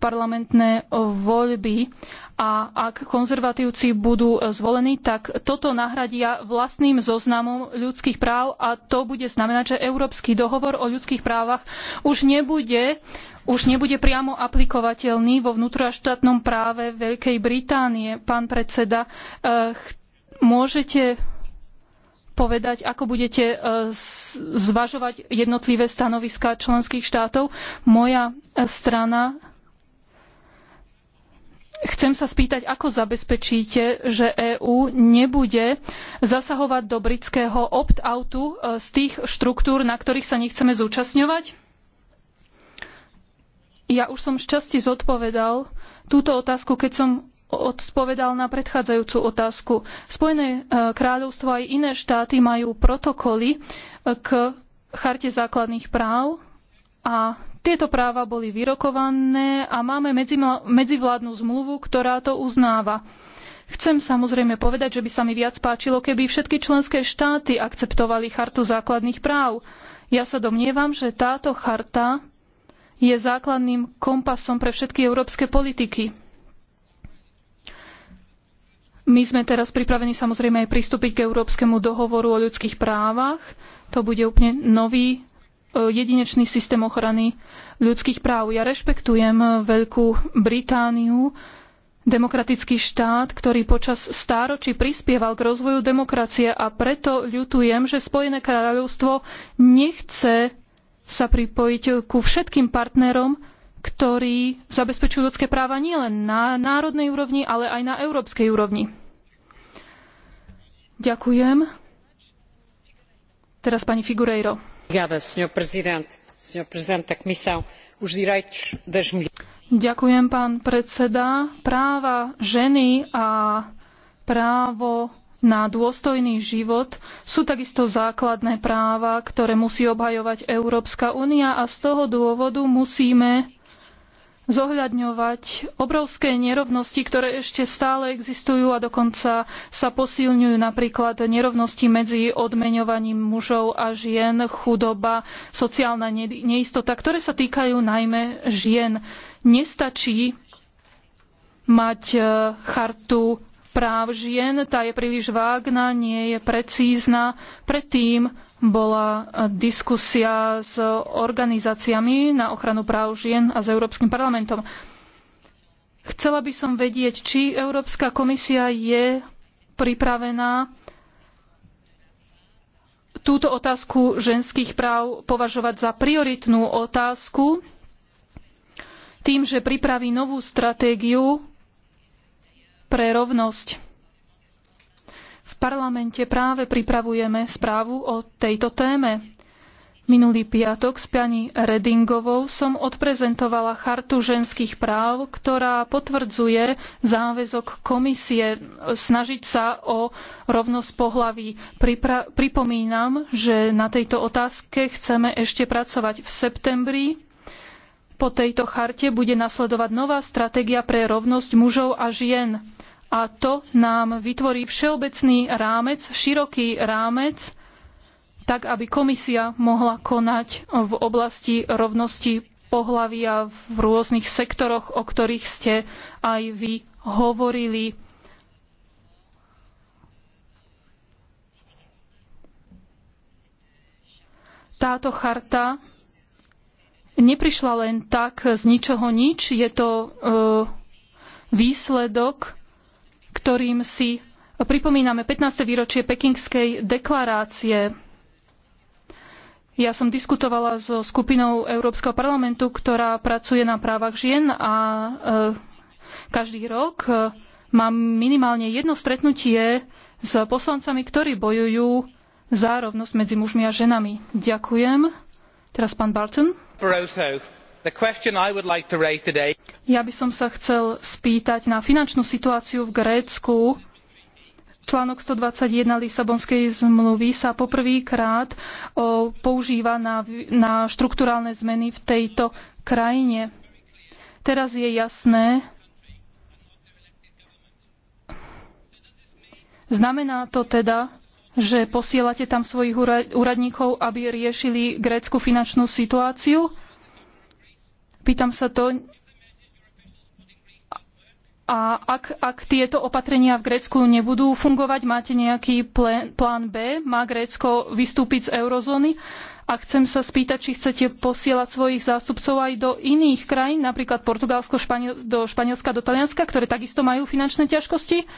parlamentné voľby a ak konzervatívci budú e, zvolení, tak toto nahradia vlastným zoznamom ľudských práv a to bude znamenať, že Európsky dohovor o ľudských právach už nebude už nebude priamo aplikovateľný vo vnútroštátnom práve Veľkej Británie. Pán predseda, e, môžete povedať, ako budete e, zvažovať jednotlivé stanoviská členských štátov. Moja e, strana Chcem sa spýtať, ako zabezpečíte, že EÚ nebude zasahovať do britského opt-outu e, z tých štruktúr, na ktorých sa nechceme zúčastňovať? Ja už som šťastie zodpovedal túto otázku, keď som odpovedal na predchádzajúcu otázku. Spojené e, kráľovstvo aj iné štáty majú protokoly e, k charte základných práv a tieto práva boli vyrokované a máme medzivládnu zmluvu, ktorá to uznáva. Chcem samozrejme povedať, že by sa mi viac páčilo, keby všetky členské štáty akceptovali chartu základných práv. Ja sa domnievam, že táto charta je základným kompasom pre všetky európske politiky. My sme teraz pripravení samozrejme aj pristúpiť k Európskemu dohovoru o ľudských právach. To bude úplne nový e, jedinečný systém ochrany ľudských práv. Ja rešpektujem Veľkú Britániu, demokratický štát, ktorý počas stáročí prispieval k rozvoju demokracie a preto ľutujem, že Spojené kráľovstvo nechce sa pripojiť ku všetkým partnerom, ktorí zabezpečujú ľudské práva nielen na národnej úrovni, ale aj na európskej úrovni. Ďakujem. Teraz pani Figureiro. Ďakujem, pán predseda. Práva ženy a právo na dôstojný život sú takisto základné práva, ktoré musí obhajovať Európska únia a z toho dôvodu musíme zohľadňovať obrovské nerovnosti, ktoré ešte stále existujú a dokonca sa posilňujú napríklad nerovnosti medzi odmeňovaním mužov a žien, chudoba, sociálna neistota, ktoré sa týkajú najmä žien. Nestačí mať e, chartu práv žien, tá je príliš vágna, nie je precízna. Predtým bola diskusia s organizáciami na ochranu práv žien a s Európskym parlamentom. Chcela by som vedieť, či Európska komisia je pripravená túto otázku ženských práv považovať za prioritnú otázku tým, že pripraví novú stratégiu pre rovnosť. V parlamente práve pripravujeme správu o tejto téme. Minulý piatok s pani Redingovou som odprezentovala chartu ženských práv, ktorá potvrdzuje záväzok komisie snažiť sa o rovnosť pohlaví. Pripra- pripomínam, že na tejto otázke chceme ešte pracovať v septembri. Po tejto charte bude nasledovať nová stratégia pre rovnosť mužov a žien a to nám vytvorí všeobecný rámec, široký rámec, tak aby komisia mohla konať v oblasti rovnosti pohlavia v rôznych sektoroch, o ktorých ste aj vy hovorili. Táto charta neprišla len tak z ničoho nič. Je to e, výsledok ktorým si pripomíname 15. výročie Pekingskej deklarácie. Ja som diskutovala so skupinou Európskeho parlamentu, ktorá pracuje na právach žien a e, každý rok e, mám minimálne jedno stretnutie s poslancami, ktorí bojujú za rovnosť medzi mužmi a ženami. Ďakujem. Teraz pán Barton. Barroso ja by som sa chcel spýtať na finančnú situáciu v Grécku. Článok 121 Lisabonskej zmluvy sa poprvýkrát používa na, na zmeny v tejto krajine. Teraz je jasné, znamená to teda, že posielate tam svojich úradníkov, aby riešili grécku finančnú situáciu? Pýtam sa to, a ak, ak, tieto opatrenia v Grécku nebudú fungovať, máte nejaký plán B? Má Grécko vystúpiť z eurozóny? A chcem sa spýtať, či chcete posielať svojich zástupcov aj do iných krajín, napríklad Portugalsko, Španiel, do Španielska, do Talianska, ktoré takisto majú finančné ťažkosti?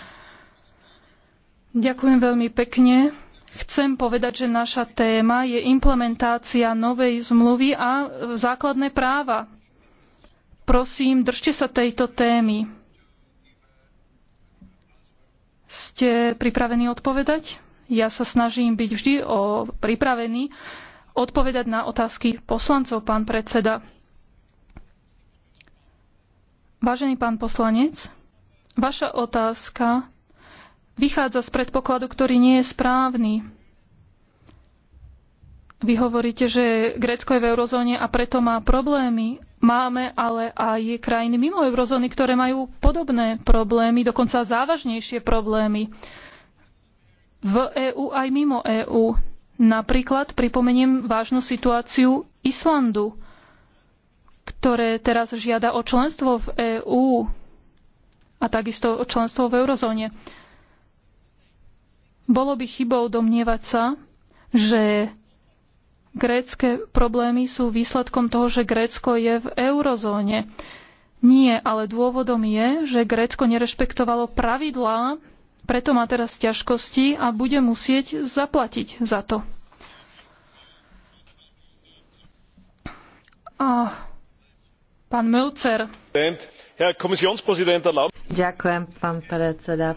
Ďakujem veľmi pekne. Chcem povedať, že naša téma je implementácia novej zmluvy a e, základné práva Prosím, držte sa tejto témy. Ste pripravení odpovedať? Ja sa snažím byť vždy o pripravený odpovedať na otázky poslancov, pán predseda. Vážený pán poslanec, vaša otázka vychádza z predpokladu, ktorý nie je správny. Vy hovoríte, že Grécko je v eurozóne a preto má problémy, Máme ale aj krajiny mimo eurozóny, ktoré majú podobné problémy, dokonca závažnejšie problémy v EÚ aj mimo EÚ. Napríklad pripomeniem vážnu situáciu Islandu, ktoré teraz žiada o členstvo v EÚ a takisto o členstvo v eurozóne. Bolo by chybou domnievať sa, že grécké problémy sú výsledkom toho, že Grécko je v eurozóne. Nie, ale dôvodom je, že Grécko nerešpektovalo pravidlá, preto má teraz ťažkosti a bude musieť zaplatiť za to. A pán Mölcer. Ďakujem, pán predseda.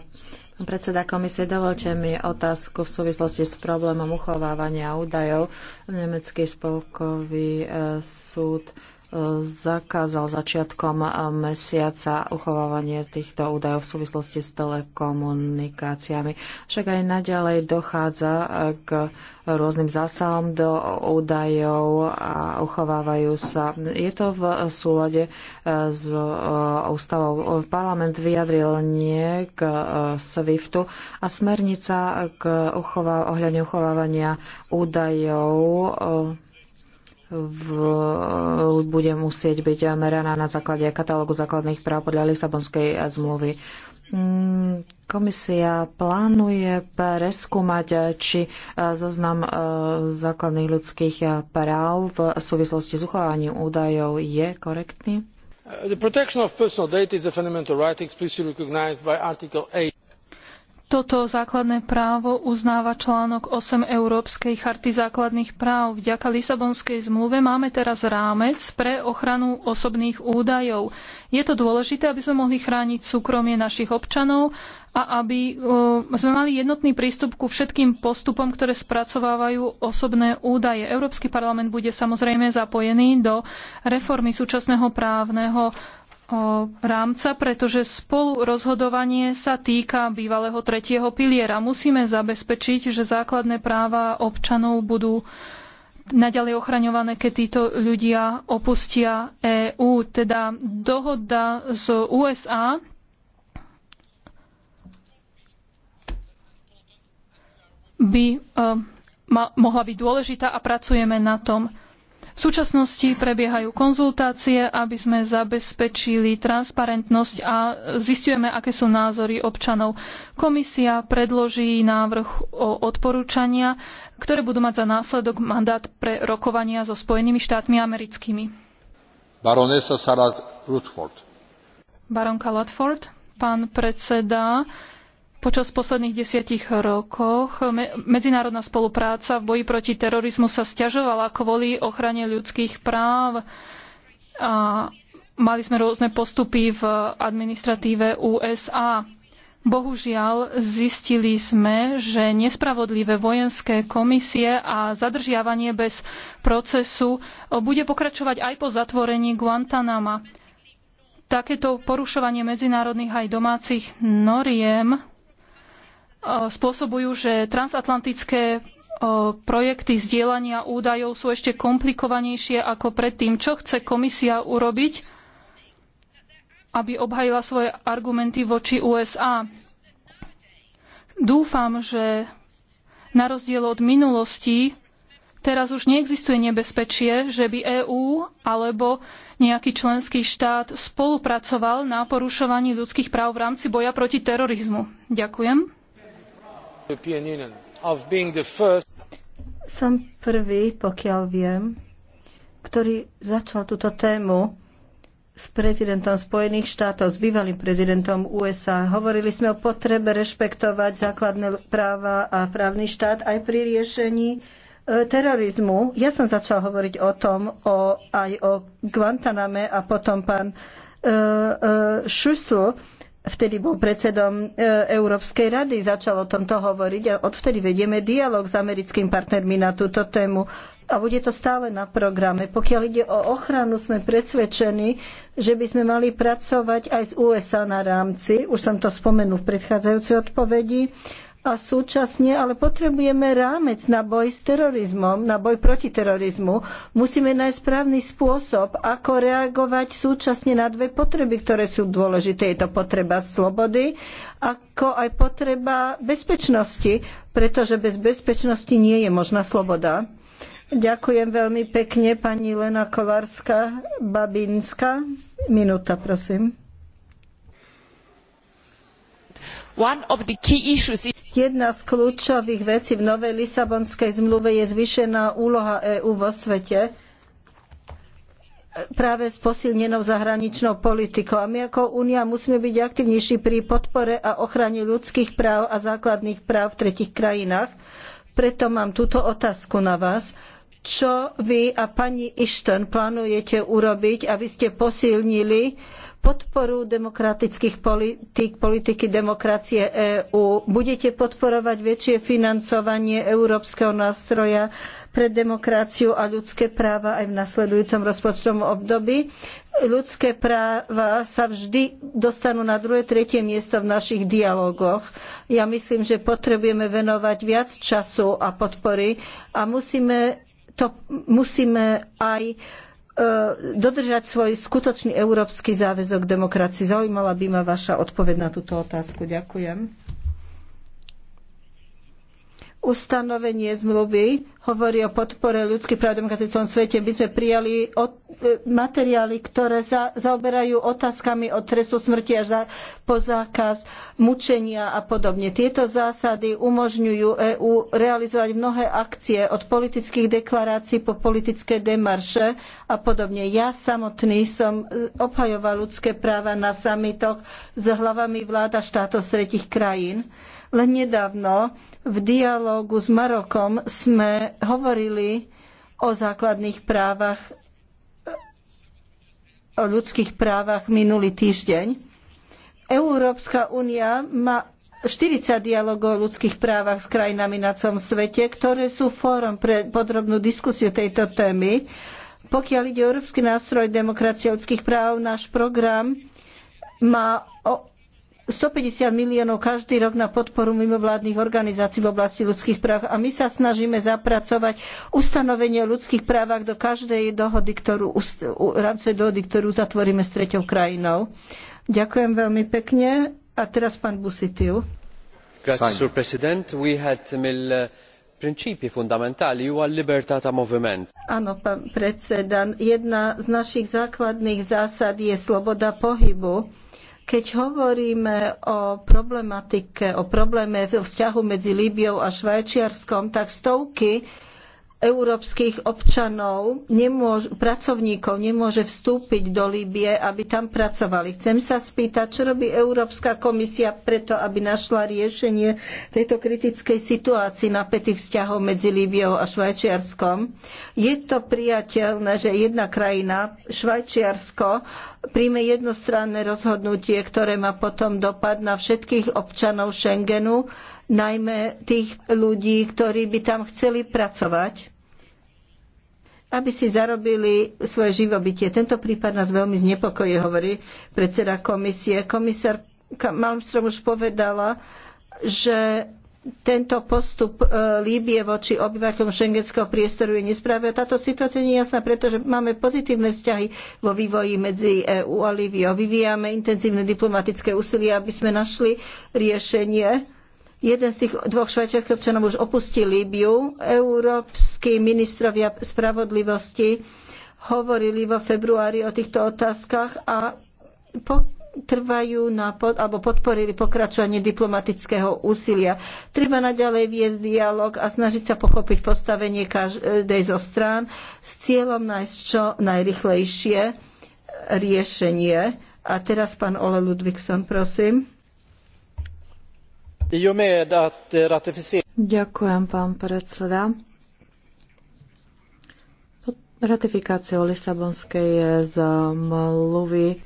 Predseda komisie, dovolte mi otázku v súvislosti s problémom uchovávania údajov. Nemecký spolkový e, súd zakázal začiatkom mesiaca uchovávanie týchto údajov v súvislosti s telekomunikáciami. Však aj naďalej dochádza k rôznym zásahom do údajov a uchovávajú sa. Je to v súlade eh, s eh, ústavou. Parlament vyjadril nie k eh, SWIFTu a smernica k uchová- ohľadne uchovávania údajov v, bude musieť byť meraná na základe katalógu základných práv podľa Lisabonskej zmluvy. Mm, komisia plánuje preskúmať, či e, zoznam e, základných ľudských práv v súvislosti s uchovaním údajov je korektný? Uh, the protection of personal data is a fundamental right explicitly recognized by Article 8 toto základné právo uznáva článok 8 Európskej charty základných práv. Vďaka Lisabonskej zmluve máme teraz rámec pre ochranu osobných údajov. Je to dôležité, aby sme mohli chrániť súkromie našich občanov a aby eh, sme mali jednotný prístup ku všetkým postupom, ktoré spracovávajú osobné údaje. Európsky parlament bude samozrejme zapojený do reformy súčasného právneho rámca, pretože spolurozhodovanie sa týka bývalého tretieho piliera. Musíme zabezpečiť, že základné práva občanov budú naďalej ochraňované, keď títo ľudia opustia EÚ. Teda dohoda z USA by eh, mohla byť dôležitá a pracujeme na tom. V súčasnosti prebiehajú konzultácie, aby sme zabezpečili transparentnosť a zistujeme, aké sú názory občanov. Komisia predloží návrh o odporúčania, ktoré budú mať za následok mandát pre rokovania so Spojenými štátmi americkými. Baronesa Sarah Rutford. Baronka Ludford, pán predseda, Počas posledných desiatich rokoch medzinárodná spolupráca v boji proti terorizmu sa stiažovala kvôli ochrane ľudských práv. A mali sme rôzne postupy v administratíve USA. Bohužiaľ, zistili sme, že nespravodlivé vojenské komisie a zadržiavanie bez procesu bude pokračovať aj po zatvorení Guantanama. Takéto porušovanie medzinárodných aj domácich noriem spôsobujú, že transatlantické projekty zdieľania údajov sú ešte komplikovanejšie ako predtým. Čo chce komisia urobiť, aby obhajila svoje argumenty voči USA? Dúfam, že na rozdiel od minulosti teraz už neexistuje nebezpečie, že by EÚ alebo nejaký členský štát spolupracoval na porušovaní ľudských práv v rámci boja proti terorizmu. Ďakujem. Som prvý, pokiaľ viem, ktorý začal túto tému s prezidentom Spojených štátov, s bývalým prezidentom USA. Hovorili sme o potrebe rešpektovať základné práva a právny štát aj pri riešení e, terorizmu. Ja som začal hovoriť o tom, o, aj o Guantaname a potom pán uh, uh, Šusl vtedy bol predsedom e, Európskej rady, začal o tomto hovoriť a odvtedy vedieme dialog s americkými partnermi na túto tému a bude to stále na programe. Pokiaľ ide o ochranu, sme presvedčení, že by sme mali pracovať aj z USA na rámci, už som to spomenul v predchádzajúcej odpovedi, a súčasne ale potrebujeme rámec na boj s terorizmom, na boj proti terorizmu. Musíme nájsť správny spôsob, ako reagovať súčasne na dve potreby, ktoré sú dôležité. Je to potreba slobody, ako aj potreba bezpečnosti, pretože bez bezpečnosti nie je možná sloboda. Ďakujem veľmi pekne pani Lena Kolárska Babinska. Minúta, prosím. One of the key issues Jedna z kľúčových vecí v novej Lisabonskej zmluve je zvýšená úloha EÚ vo svete e, práve s posilnenou zahraničnou politikou. A my ako Únia musíme byť aktivnejší pri podpore a ochrane ľudských práv a základných práv v tretich krajinách. Preto mám túto otázku na vás. Čo vy a pani Ashton plánujete urobiť, aby ste posilnili podporu demokratických politík, politiky demokracie EÚ. Budete podporovať väčšie financovanie európskeho nástroja pre demokraciu a ľudské práva aj v nasledujúcom rozpočtovom období. Ľudské práva sa vždy dostanú na druhé, tretie miesto v našich dialogoch. Ja myslím, že potrebujeme venovať viac času a podpory a musíme, to, musíme aj E, dodržať svoj skutočný európsky záväzok demokracii. Zaujímala by ma vaša odpoveď na túto otázku. Ďakujem. Ustanovenie zmluvy hovorí o podpore ľudských práv demokracie v celom svete, by sme prijali e, materiály, ktoré za, zaoberajú otázkami od trestu smrti až za, po zákaz mučenia a podobne. Tieto zásady umožňujú EÚ realizovať mnohé akcie od politických deklarácií po politické demarše a podobne. Ja samotný som e, obhajoval ľudské práva na samitoch s hlavami vlád a štátov z tretich krajín. Len nedávno v dialógu s Marokom sme hovorili o základných právach, o ľudských právach minulý týždeň. Európska únia má 40 dialogov o ľudských právach s krajinami na celom svete, ktoré sú fórom pre podrobnú diskusiu tejto témy. Pokiaľ ide o Európsky nástroj demokracie a ľudských práv, náš program má 150 miliónov každý rok na podporu mimovládnych organizácií v oblasti ľudských práv a my sa snažíme zapracovať ustanovenie o ľudských právach do každej dohody, ktorú, rámcovej dohody, ktorú zatvoríme s treťou krajinou. Ďakujem veľmi pekne. A teraz pán Busitil. Eh, Áno, pán predseda, jedna z našich základných zásad je sloboda pohybu keď hovoríme o problematike, o probléme vzťahu medzi Líbiou a Švajčiarskom, tak stovky európskych občanov, nemôž, pracovníkov nemôže vstúpiť do Líbie, aby tam pracovali. Chcem sa spýtať, čo robí Európska komisia preto, aby našla riešenie tejto kritickej situácii napätých vzťahov medzi Líbiou a Švajčiarskom. Je to prijateľné, že jedna krajina, Švajčiarsko, príjme jednostranné rozhodnutie, ktoré má potom dopad na všetkých občanov Schengenu, najmä tých ľudí, ktorí by tam chceli pracovať, aby si zarobili svoje živobytie. Tento prípad nás veľmi znepokojí, hovorí predseda komisie. Komisár Malmström už povedala, že tento postup e, Líbie voči obyvateľom šengenského priestoru je nesprávny. Táto situácia nie je jasná, pretože máme pozitívne vzťahy vo vývoji medzi EÚ a Líbiou. Vyvíjame intenzívne diplomatické úsilie, aby sme našli riešenie. Jeden z tých dvoch švajčiarských občanov už opustil Líbiu. Európsky ministrovia spravodlivosti hovorili vo februári o týchto otázkach a trvajú na pod, alebo podporili pokračovanie diplomatického úsilia. Treba naďalej viesť dialog a snažiť sa pochopiť postavenie každej zo strán s cieľom nájsť čo najrychlejšie riešenie. A teraz pán Ole Ludvigson, prosím. Ďakujem, pán predseda. Ratifikáciou Lisabonskej zmluvy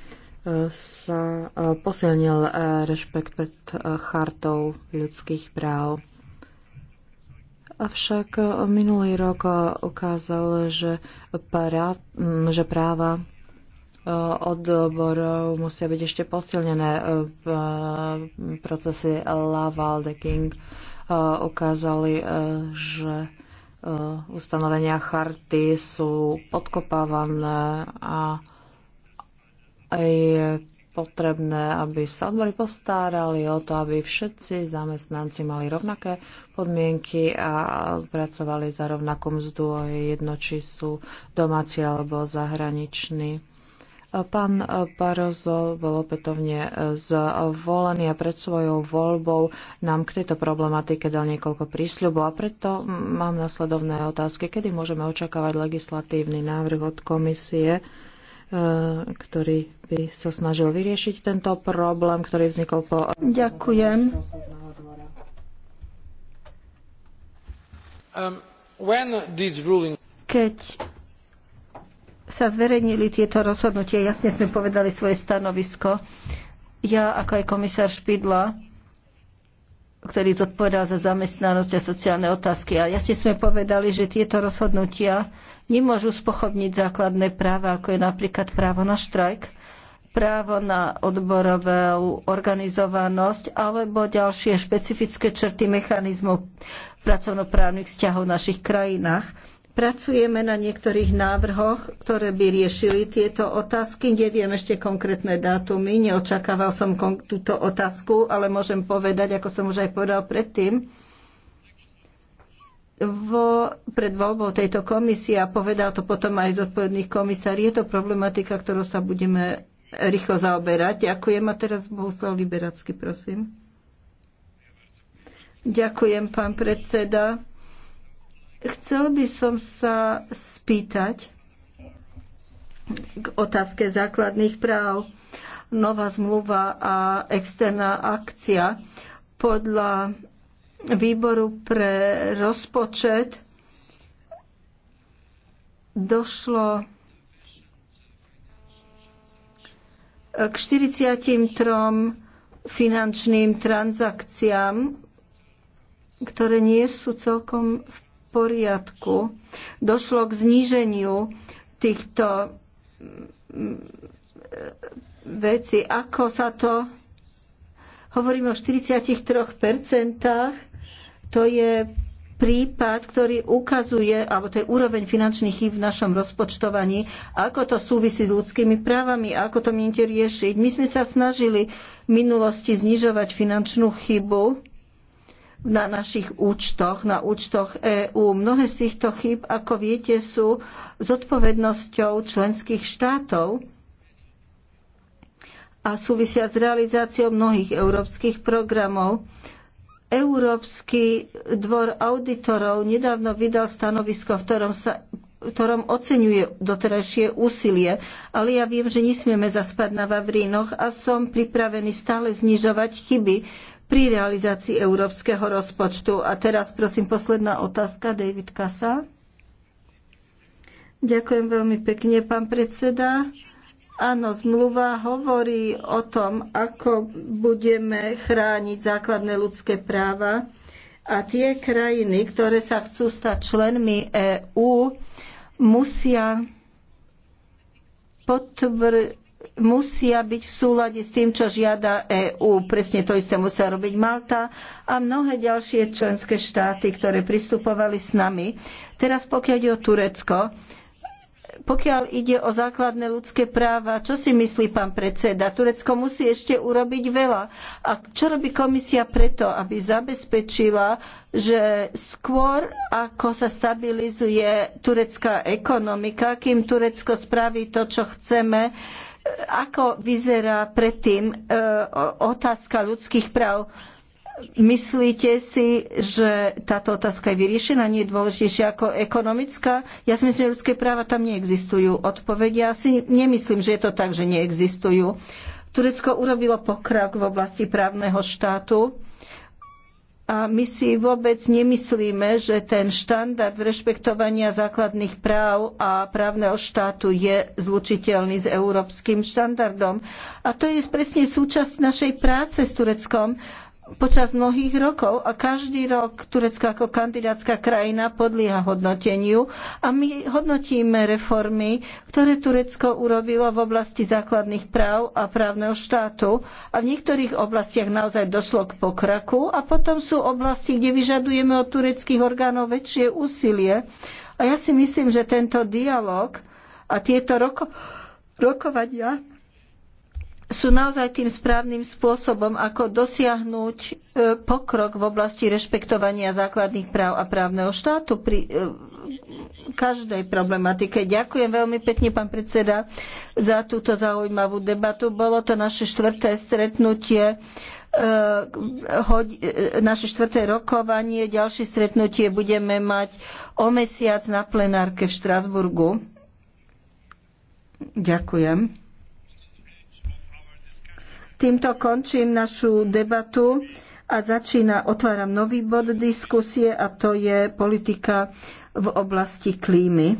sa e, posilnil e, rešpekt pred e, chartou ľudských práv. Avšak minulý rok ukázal, že, pra, že práva odborov musia byť ešte posilnené. Procesy Laval de King ukázali, že ustanovenia charty sú podkopávané a je potrebné, aby sa odbory postárali o to, aby všetci zamestnanci mali rovnaké podmienky a pracovali za rovnakú mzdu, jedno či sú domáci alebo zahraniční. Pán Barozo bol opätovne zvolený a pred svojou voľbou nám k tejto problematike dal niekoľko prísľubov a preto mám nasledovné otázky. Kedy môžeme očakávať legislatívny návrh od komisie? E, ktorý by sa snažil vyriešiť tento problém, ktorý vznikol po... Ďakujem. Um, Keď sa zverejnili tieto rozhodnutia, jasne sme povedali svoje stanovisko. Ja, ako aj komisár Špidla, ktorý zodpovedal za zamestnanosť a sociálne otázky. A jasne sme povedali, že tieto rozhodnutia nemôžu spochobniť základné práva, ako je napríklad právo na štrajk, právo na odborovú organizovanosť alebo ďalšie špecifické črty mechanizmu pracovnoprávnych vzťahov v našich krajinách. Pracujeme na niektorých návrhoch, ktoré by riešili tieto otázky. Neviem ešte konkrétne dátumy, neočakával som túto otázku, ale môžem povedať, ako som už aj povedal predtým, vo, pred voľbou tejto komisie a povedal to potom aj zodpovedný komisár. Je to problematika, ktorou sa budeme rýchlo zaoberať. Ďakujem a teraz Bohuslav Liberacký, prosím. Ďakujem, pán predseda. Chcel by som sa spýtať k otázke základných práv. Nová zmluva a externá akcia podľa výboru pre rozpočet došlo k 43 finančným transakciám, ktoré nie sú celkom v poriadku. Došlo k zníženiu týchto mm, vecí. Ako sa to... Hovoríme o 43 to je prípad, ktorý ukazuje, alebo to je úroveň finančných chýb v našom rozpočtovaní, ako to súvisí s ľudskými právami, ako to mienite riešiť. My sme sa snažili v minulosti znižovať finančnú chybu na našich účtoch, na účtoch EÚ. Mnohé z týchto chyb, ako viete, sú odpovednosťou členských štátov a súvisia s realizáciou mnohých európskych programov. Európsky dvor auditorov nedávno vydal stanovisko, v ktorom sa v ktorom oceňuje doterajšie úsilie, ale ja viem, že nesmieme zaspať na Vavrínoch a som pripravený stále znižovať chyby pri realizácii európskeho rozpočtu. A teraz prosím posledná otázka, David Kasa. Ďakujem veľmi pekne, pán predseda. Áno, zmluva hovorí o tom, ako budeme chrániť základné ľudské práva a tie krajiny, ktoré sa chcú stať členmi EÚ, musia, potvr- musia byť v súlade s tým, čo žiada EÚ. Presne to isté musia robiť Malta a mnohé ďalšie členské štáty, ktoré pristupovali s nami. Teraz pokiaľ je o Turecko, pokiaľ ide o základné ľudské práva, čo si myslí pán predseda? Turecko musí ešte urobiť veľa. A čo robí komisia preto, aby zabezpečila, že skôr ako sa stabilizuje turecká ekonomika, kým Turecko spraví to, čo chceme, ako vyzerá predtým e, otázka ľudských práv? Myslíte si, že táto otázka je vyriešená, nie je dôležitejšia ako ekonomická? Ja si myslím, že ľudské práva tam neexistujú. Odpovedia ja si nemyslím, že je to tak, že neexistujú. Turecko urobilo pokrok v oblasti právneho štátu a my si vôbec nemyslíme, že ten štandard rešpektovania základných práv a právneho štátu je zlučiteľný s európskym štandardom. A to je presne súčasť našej práce s Tureckom počas mnohých rokov a každý rok Turecko ako kandidátska krajina podlieha hodnoteniu a my hodnotíme reformy, ktoré Turecko urobilo v oblasti základných práv a právneho štátu a v niektorých oblastiach naozaj došlo k pokraku a potom sú oblasti, kde vyžadujeme od tureckých orgánov väčšie úsilie a ja si myslím, že tento dialog a tieto roko rokovania sú naozaj tým správnym spôsobom, ako dosiahnuť e, pokrok v oblasti rešpektovania základných práv a právneho štátu pri e, každej problematike. Ďakujem veľmi pekne, pán predseda, za túto zaujímavú debatu. Bolo to naše štvrté stretnutie e, naše štvrté rokovanie. Ďalšie stretnutie budeme mať o mesiac na plenárke v Štrasburgu. Ďakujem. Týmto končím našu debatu a začína, otváram nový bod diskusie a to je politika v oblasti klímy.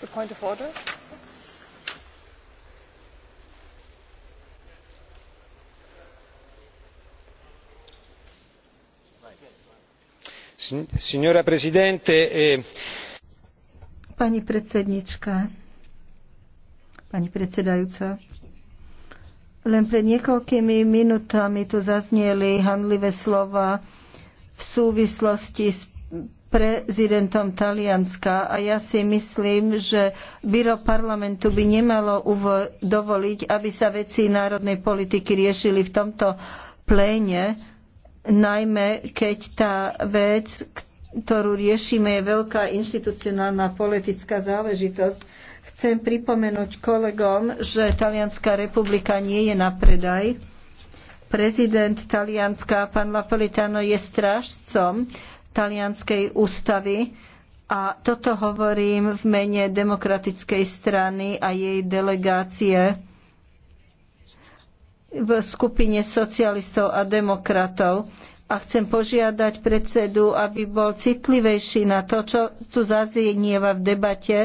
The point of order? Signora Presidente, e- Pani predsednička, pani predsedajúca, len pred niekoľkými minutami tu zaznieli handlivé slova v súvislosti s prezidentom Talianska a ja si myslím, že byro parlamentu by nemalo dovoliť, aby sa veci národnej politiky riešili v tomto pléne, najmä keď tá vec, ktorú riešime, je veľká inštitucionálna politická záležitosť. Chcem pripomenúť kolegom, že Talianská republika nie je na predaj. Prezident Talianska, pán Napolitano, je strážcom talianskej ústavy a toto hovorím v mene demokratickej strany a jej delegácie v skupine socialistov a demokratov. A chcem požiadať predsedu, aby bol citlivejší na to, čo tu zaznieva v debate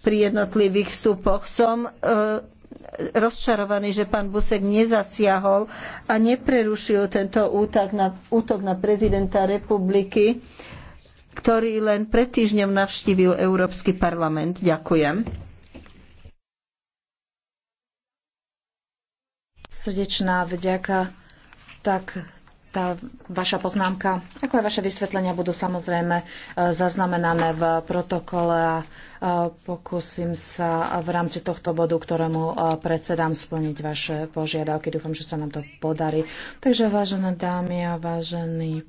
pri jednotlivých vstupoch. Som e, rozčarovaný, že pán Busek nezasiahol a neprerušil tento útok na, útok na prezidenta republiky, ktorý len pred týždňom navštívil Európsky parlament. Ďakujem. Srdečná vďaka. Tak tá vaša poznámka, ako aj vaše vysvetlenia budú samozrejme e, zaznamenané v protokole a e, pokúsim sa v rámci tohto bodu, ktorému e, predsedám, splniť vaše požiadavky. Dúfam, že sa nám to podarí. Takže vážené dámy a vážení